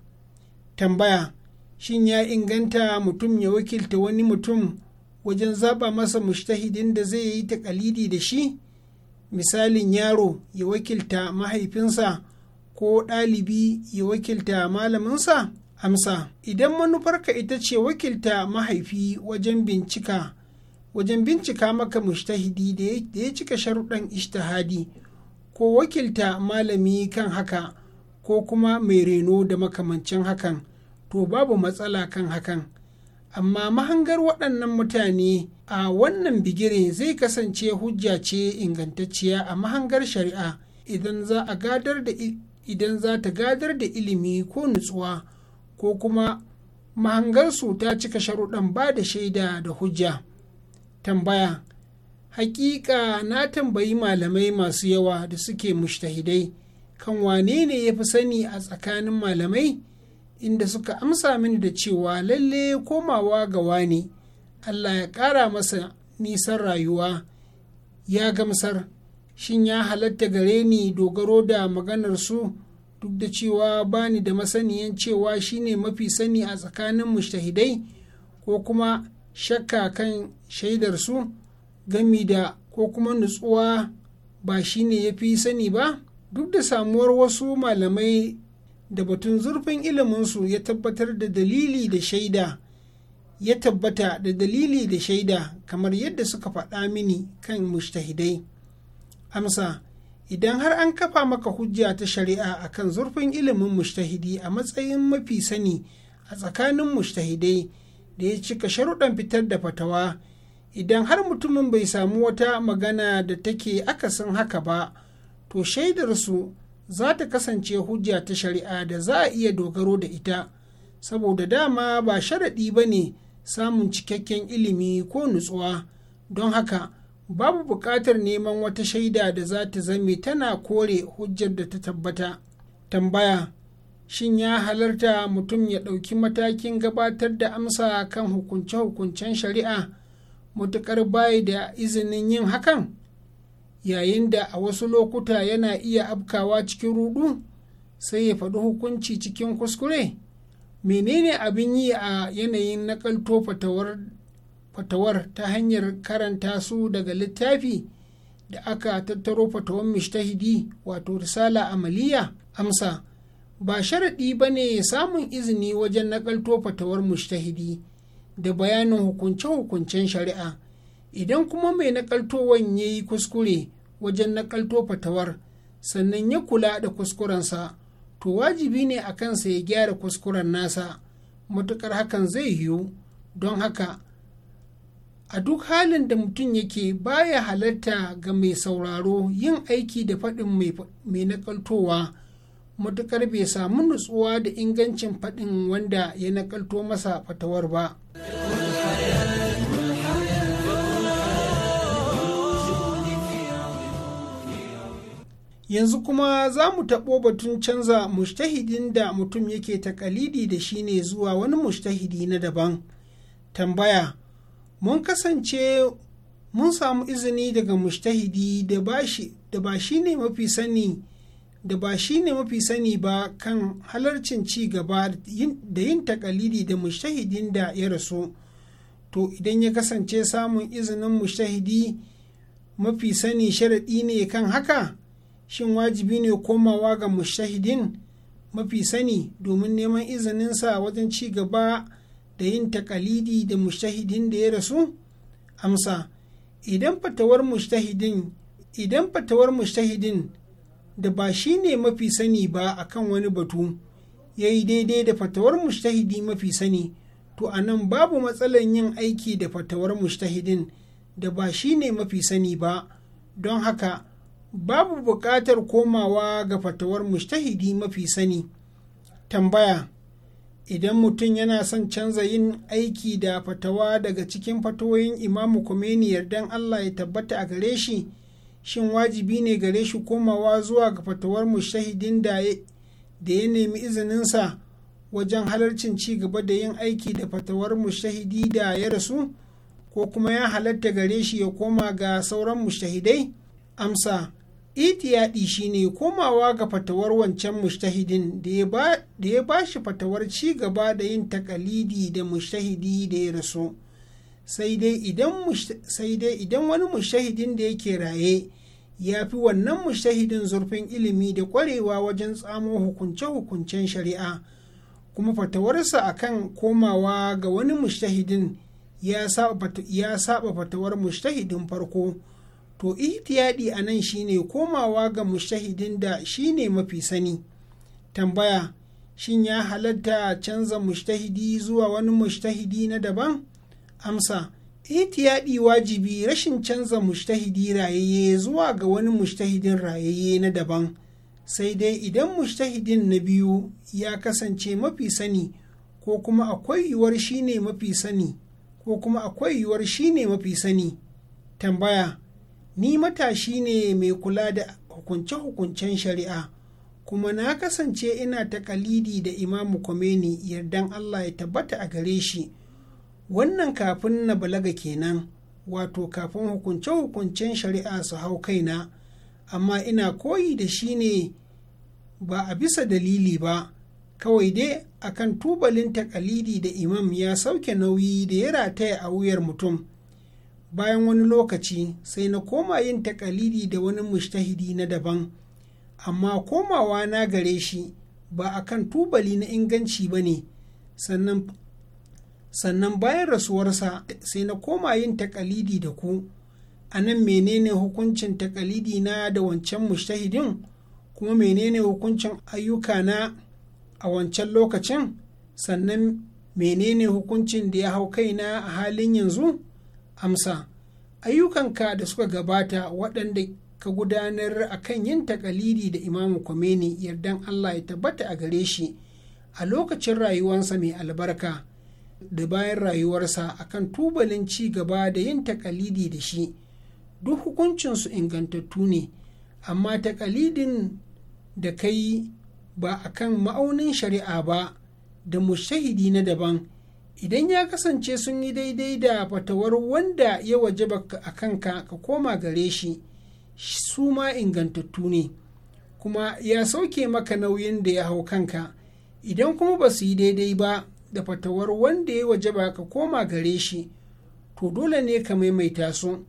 tambaya shin ya inganta mutum ya wakilta wani mutum wajen zaɓa masa mushtahidin da zai yi takalidi da shi misalin yaro ya wakilta mahaifinsa ko ɗalibi ya wakilta malaminsa amsa idan manufarka ita ce wakilta mahaifi wajen bincika wajen bincika maka mushtahidi da ya cika sharuɗan ishtihadi ko wakilta malami kan haka ko kuma mai reno da makamancin hakan to babu matsala kan hakan amma mahangar waɗannan mutane a wannan bigire zai kasance hujja ce ingantacciya a mahangar shari'a idan za a gadar da idan za ta gadar da ilimi ko nutsuwa ko kuma mahangarsu ta cika sharuɗan ba da shaida da hujja tambaya hakika na tambayi malamai masu yawa da suke mushtahidai kan wane ne ya fi sani a tsakanin malamai inda suka amsa mini da cewa lalle komawa ga wane Allah ya ƙara masa nisan rayuwa ya gamsar shin ya halatta gare ni dogaro da maganar su duk da cewa bani da masaniyan cewa shine mafi sani a tsakanin mushtahidai ko kuma shakka kan shaidar su gami da ko kuma nutsuwa ba shine ya fi sani ba duk da samuwar wasu malamai da batun zurfin iliminsu ya tabbatar da dalili da shaida ya tabbata da dalili da shaida kamar yadda suka faɗa mini kan mushtahidai amsa idan har an kafa maka hujja ta shari'a a kan zurfin ilimin mushtahidi a matsayin mafi sani a tsakanin mushtahidai da ya cika sharuɗan fitar da fatawa idan har mutumin bai samu wata magana da take akasin haka ba to shaidarsu za ta kasance hujja ta shari'a da za a iya dogaro da ita saboda dama ba sharaɗi ba ne samun cikakken ilimi ko nutsuwa don haka babu buƙatar neman wata shaida da za ta zame tana kore hujjar da ta tabbata tambaya shin ya halarta mutum ya ɗauki matakin gabatar da amsa kan hukunce-hukuncen shari'a matuƙar bayi da izinin yin hakan yayin da a wasu lokuta yana iya abkawa cikin rudu sai ya faɗi hukunci cikin kuskure menene abin yi a yanayin nakalto fatawar ta hanyar karanta su daga littafi da aka tattaro fatawar mishtahidi wato risala amaliya amsa ba sharaɗi ba ne samun izini wajen nakalto fatawar mishtahidi da bayanin hukunce-hukuncen shari'a idan kuma mai nakaltowan ya yi kuskure wajen nakalto fatawar sannan ya kula da kuskurensa to wajibi ne a kansa ya gyara kuskuren nasa matukar hakan zai yiwu don haka a duk halin da mutum yake baya halatta ga mai sauraro yin aiki da faɗin mai nakaltowa matukar bai samu nutsuwa da ingancin faɗin wanda ya nakalto masa fatawar ba. yanzu kuma za mu taɓo batun canza mushtahidin da mutum yake takalidi da shi ne zuwa wani mushtahidi na daban tambaya mun kasance mun samu izini daga mushtahidi da ba shi ne mafi sani da ba shi ne mafi sani ba kan halarcin ci gaba da yin takalidi da mushtahidin da ya rasu to idan ya kasance samun izinin mushtahidi mafi sani sharaɗi ne kan haka shin wajibi ne komawa ga mushahidin mafi sani domin neman izininsa wajen ci gaba da yin takalidi da mushahidin da ya rasu amsa idan fatawar mushahidin idan fatawar mushahidin da ba shi ne mafi sani ba akan wani batu ya yi daidai da fatawar mushahidi mafi sani to a nan babu matsalar yin aiki da fatawar mushahidin da ba shi ne mafi sani ba don haka babu buƙatar komawa ga fatawar mushtahidi mafi sani tambaya idan mutum yana son canza yin aiki da fatawa daga cikin fatawoyin imamu Khomeini yardan Allah ya tabbata a gare shi shin wajibi ne gare shi komawa zuwa ga fatawar mushtahidin da ya nemi izininsa wajen halarcin ci gaba da yin aiki da fatawar mushtahidi da ya rasu ko kuma ya halatta gare shi ya koma ga sauran mushtahidai amsa itiyaɗi shine komawa ga fatawar wancan mushtahidin da ya ba shi fatawar ci gaba da yin takalidi da mushtahidi da ya rasu sai dai idan wani mushtahidin da yake raye ya fi wannan mushtahidin zurfin ilimi da ƙwarewa wajen tsamo hukunce-hukuncen shari'a kuma fatawarsa akan komawa ga wani mushtahidin ya saba fatawar mushtahidin farko. to ihtiyadi a nan shine komawa ga mushahidin da shine mafi sani tambaya shin ya halatta canza mushtahidi zuwa wani mushtahidi na daban amsa ihtiyadi wajibi rashin canza mushtahidi rayayye zuwa ga wani mushtahidin rayayye na daban sai dai idan mushtahidin na biyu ya kasance mafi sani ko kuma akwai yiwuwar shine mafi sani ko kuma akwai yiwuwar shine mafi sani tambaya ni matashi ne mai kula da hukunce-hukuncen shari'a kuma na kasance ina takalidi da imamu Khomeini yardan Allah ya tabbata a gare shi wannan kafin na balaga kenan wato kafin hukunce-hukuncen shari'a su hau kaina amma ina koyi da shi ne ba a bisa dalili ba kawai dai akan tubalin takalidi da imam ya sauke nauyi da ya rataya a wuyar mutum bayan wani lokaci sai na koma yin takalidi da wani mushtahidi na daban amma komawa na gare shi ba a kan tubali na inganci ba ne sannan bayan rasuwarsa sai na koma yin takalidi da ku a nan menene hukuncin takalidi na da wancan mushtahidin kuma menene hukuncin ayyuka na a wancan lokacin sannan menene hukuncin da ya hau kaina a halin yanzu amsa ayyukanka da suka gabata waɗanda ka gudanar a kan yin takalidi da imamu kwameni yardan Allah ya tabbata a gare shi a lokacin rayuwarsa mai albarka da bayan rayuwarsa akan tubalin ci gaba da yin takalidi da shi duk hukuncinsu ingantattu ne amma takalidin da kai ba a kan ma'aunin shari'a ba da mushahidi na daban idan ya kasance sun yi daidai da fatawar wanda ya wajaba a kanka ka koma gare shi su ma ingantattu ne kuma ya sauke maka nauyin da ya hau kanka idan kuma ba su yi daidai ba da fatawar wanda ya wajaba ka koma gare shi to dole ne ka maimaita su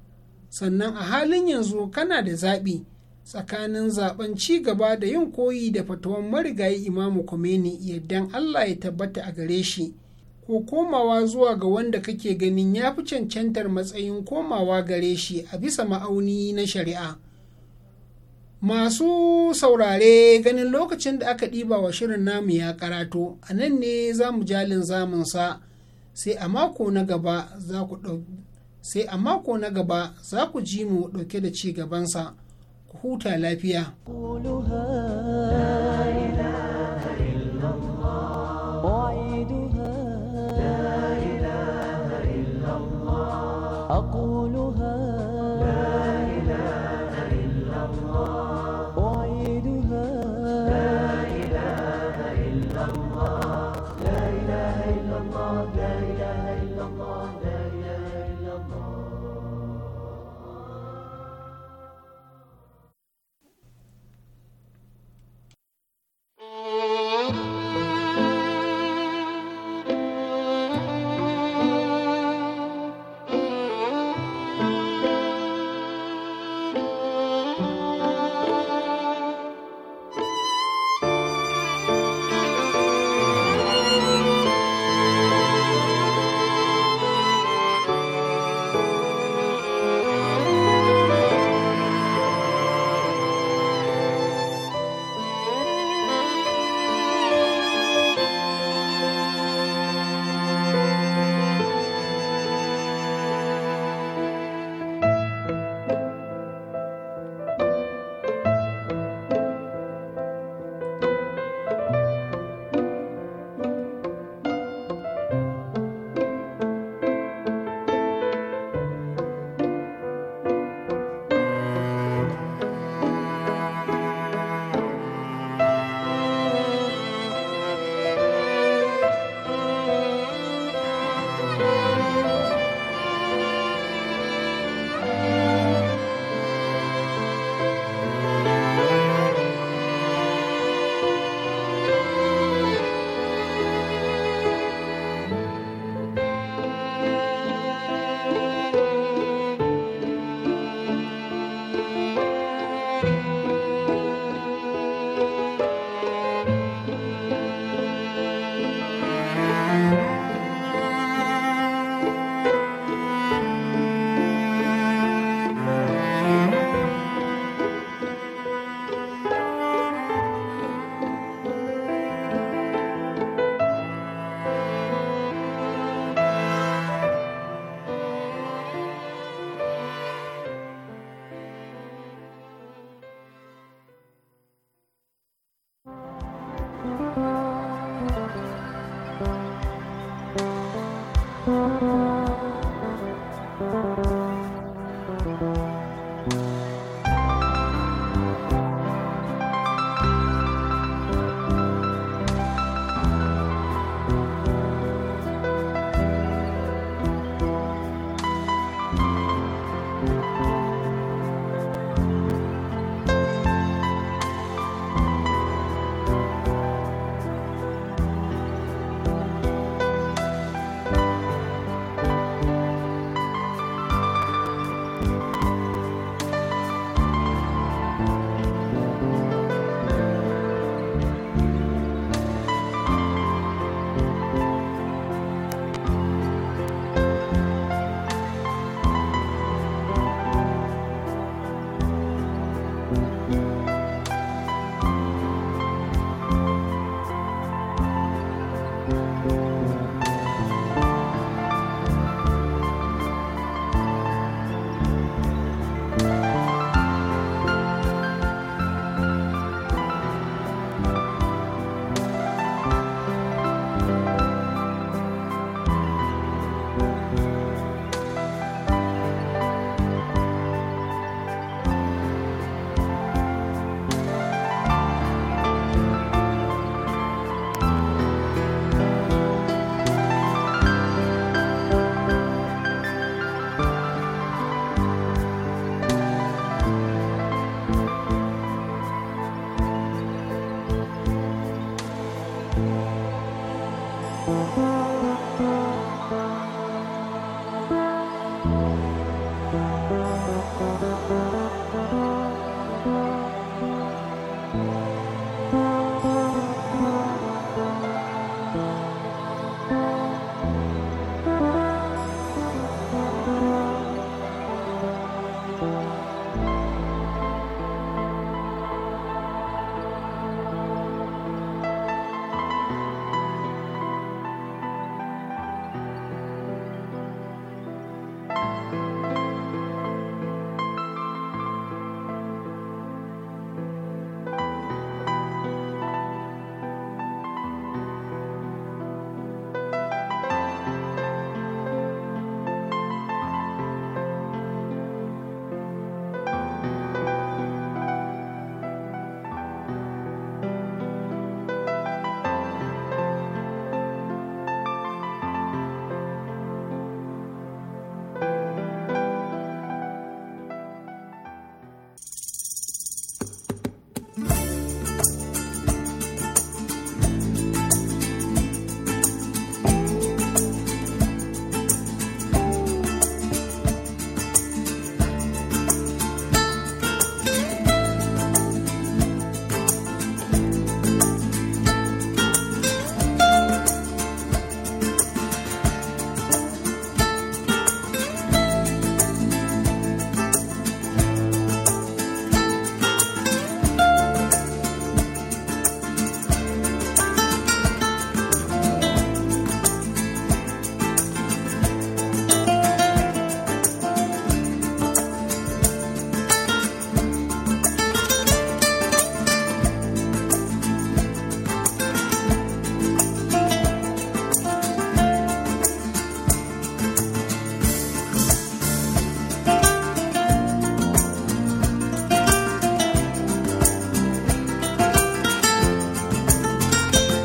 sannan a halin yanzu kana da zaɓi tsakanin zaben ci gaba da yin koyi da fatawar marigayi imamu Khomeini yaddan Allah ya tabbata a gare shi. ko komawa zuwa ga wanda kake ganin ya fi cancantar matsayin komawa gare shi a bisa ma'auni na shari'a masu saurare ganin lokacin da aka ɗiba wa shirin namu ya karato a nan ne za mu jalin zamunsa sai sai a mako na gaba za ku ji mu ɗauke da ci gabansa ku huta lafiya.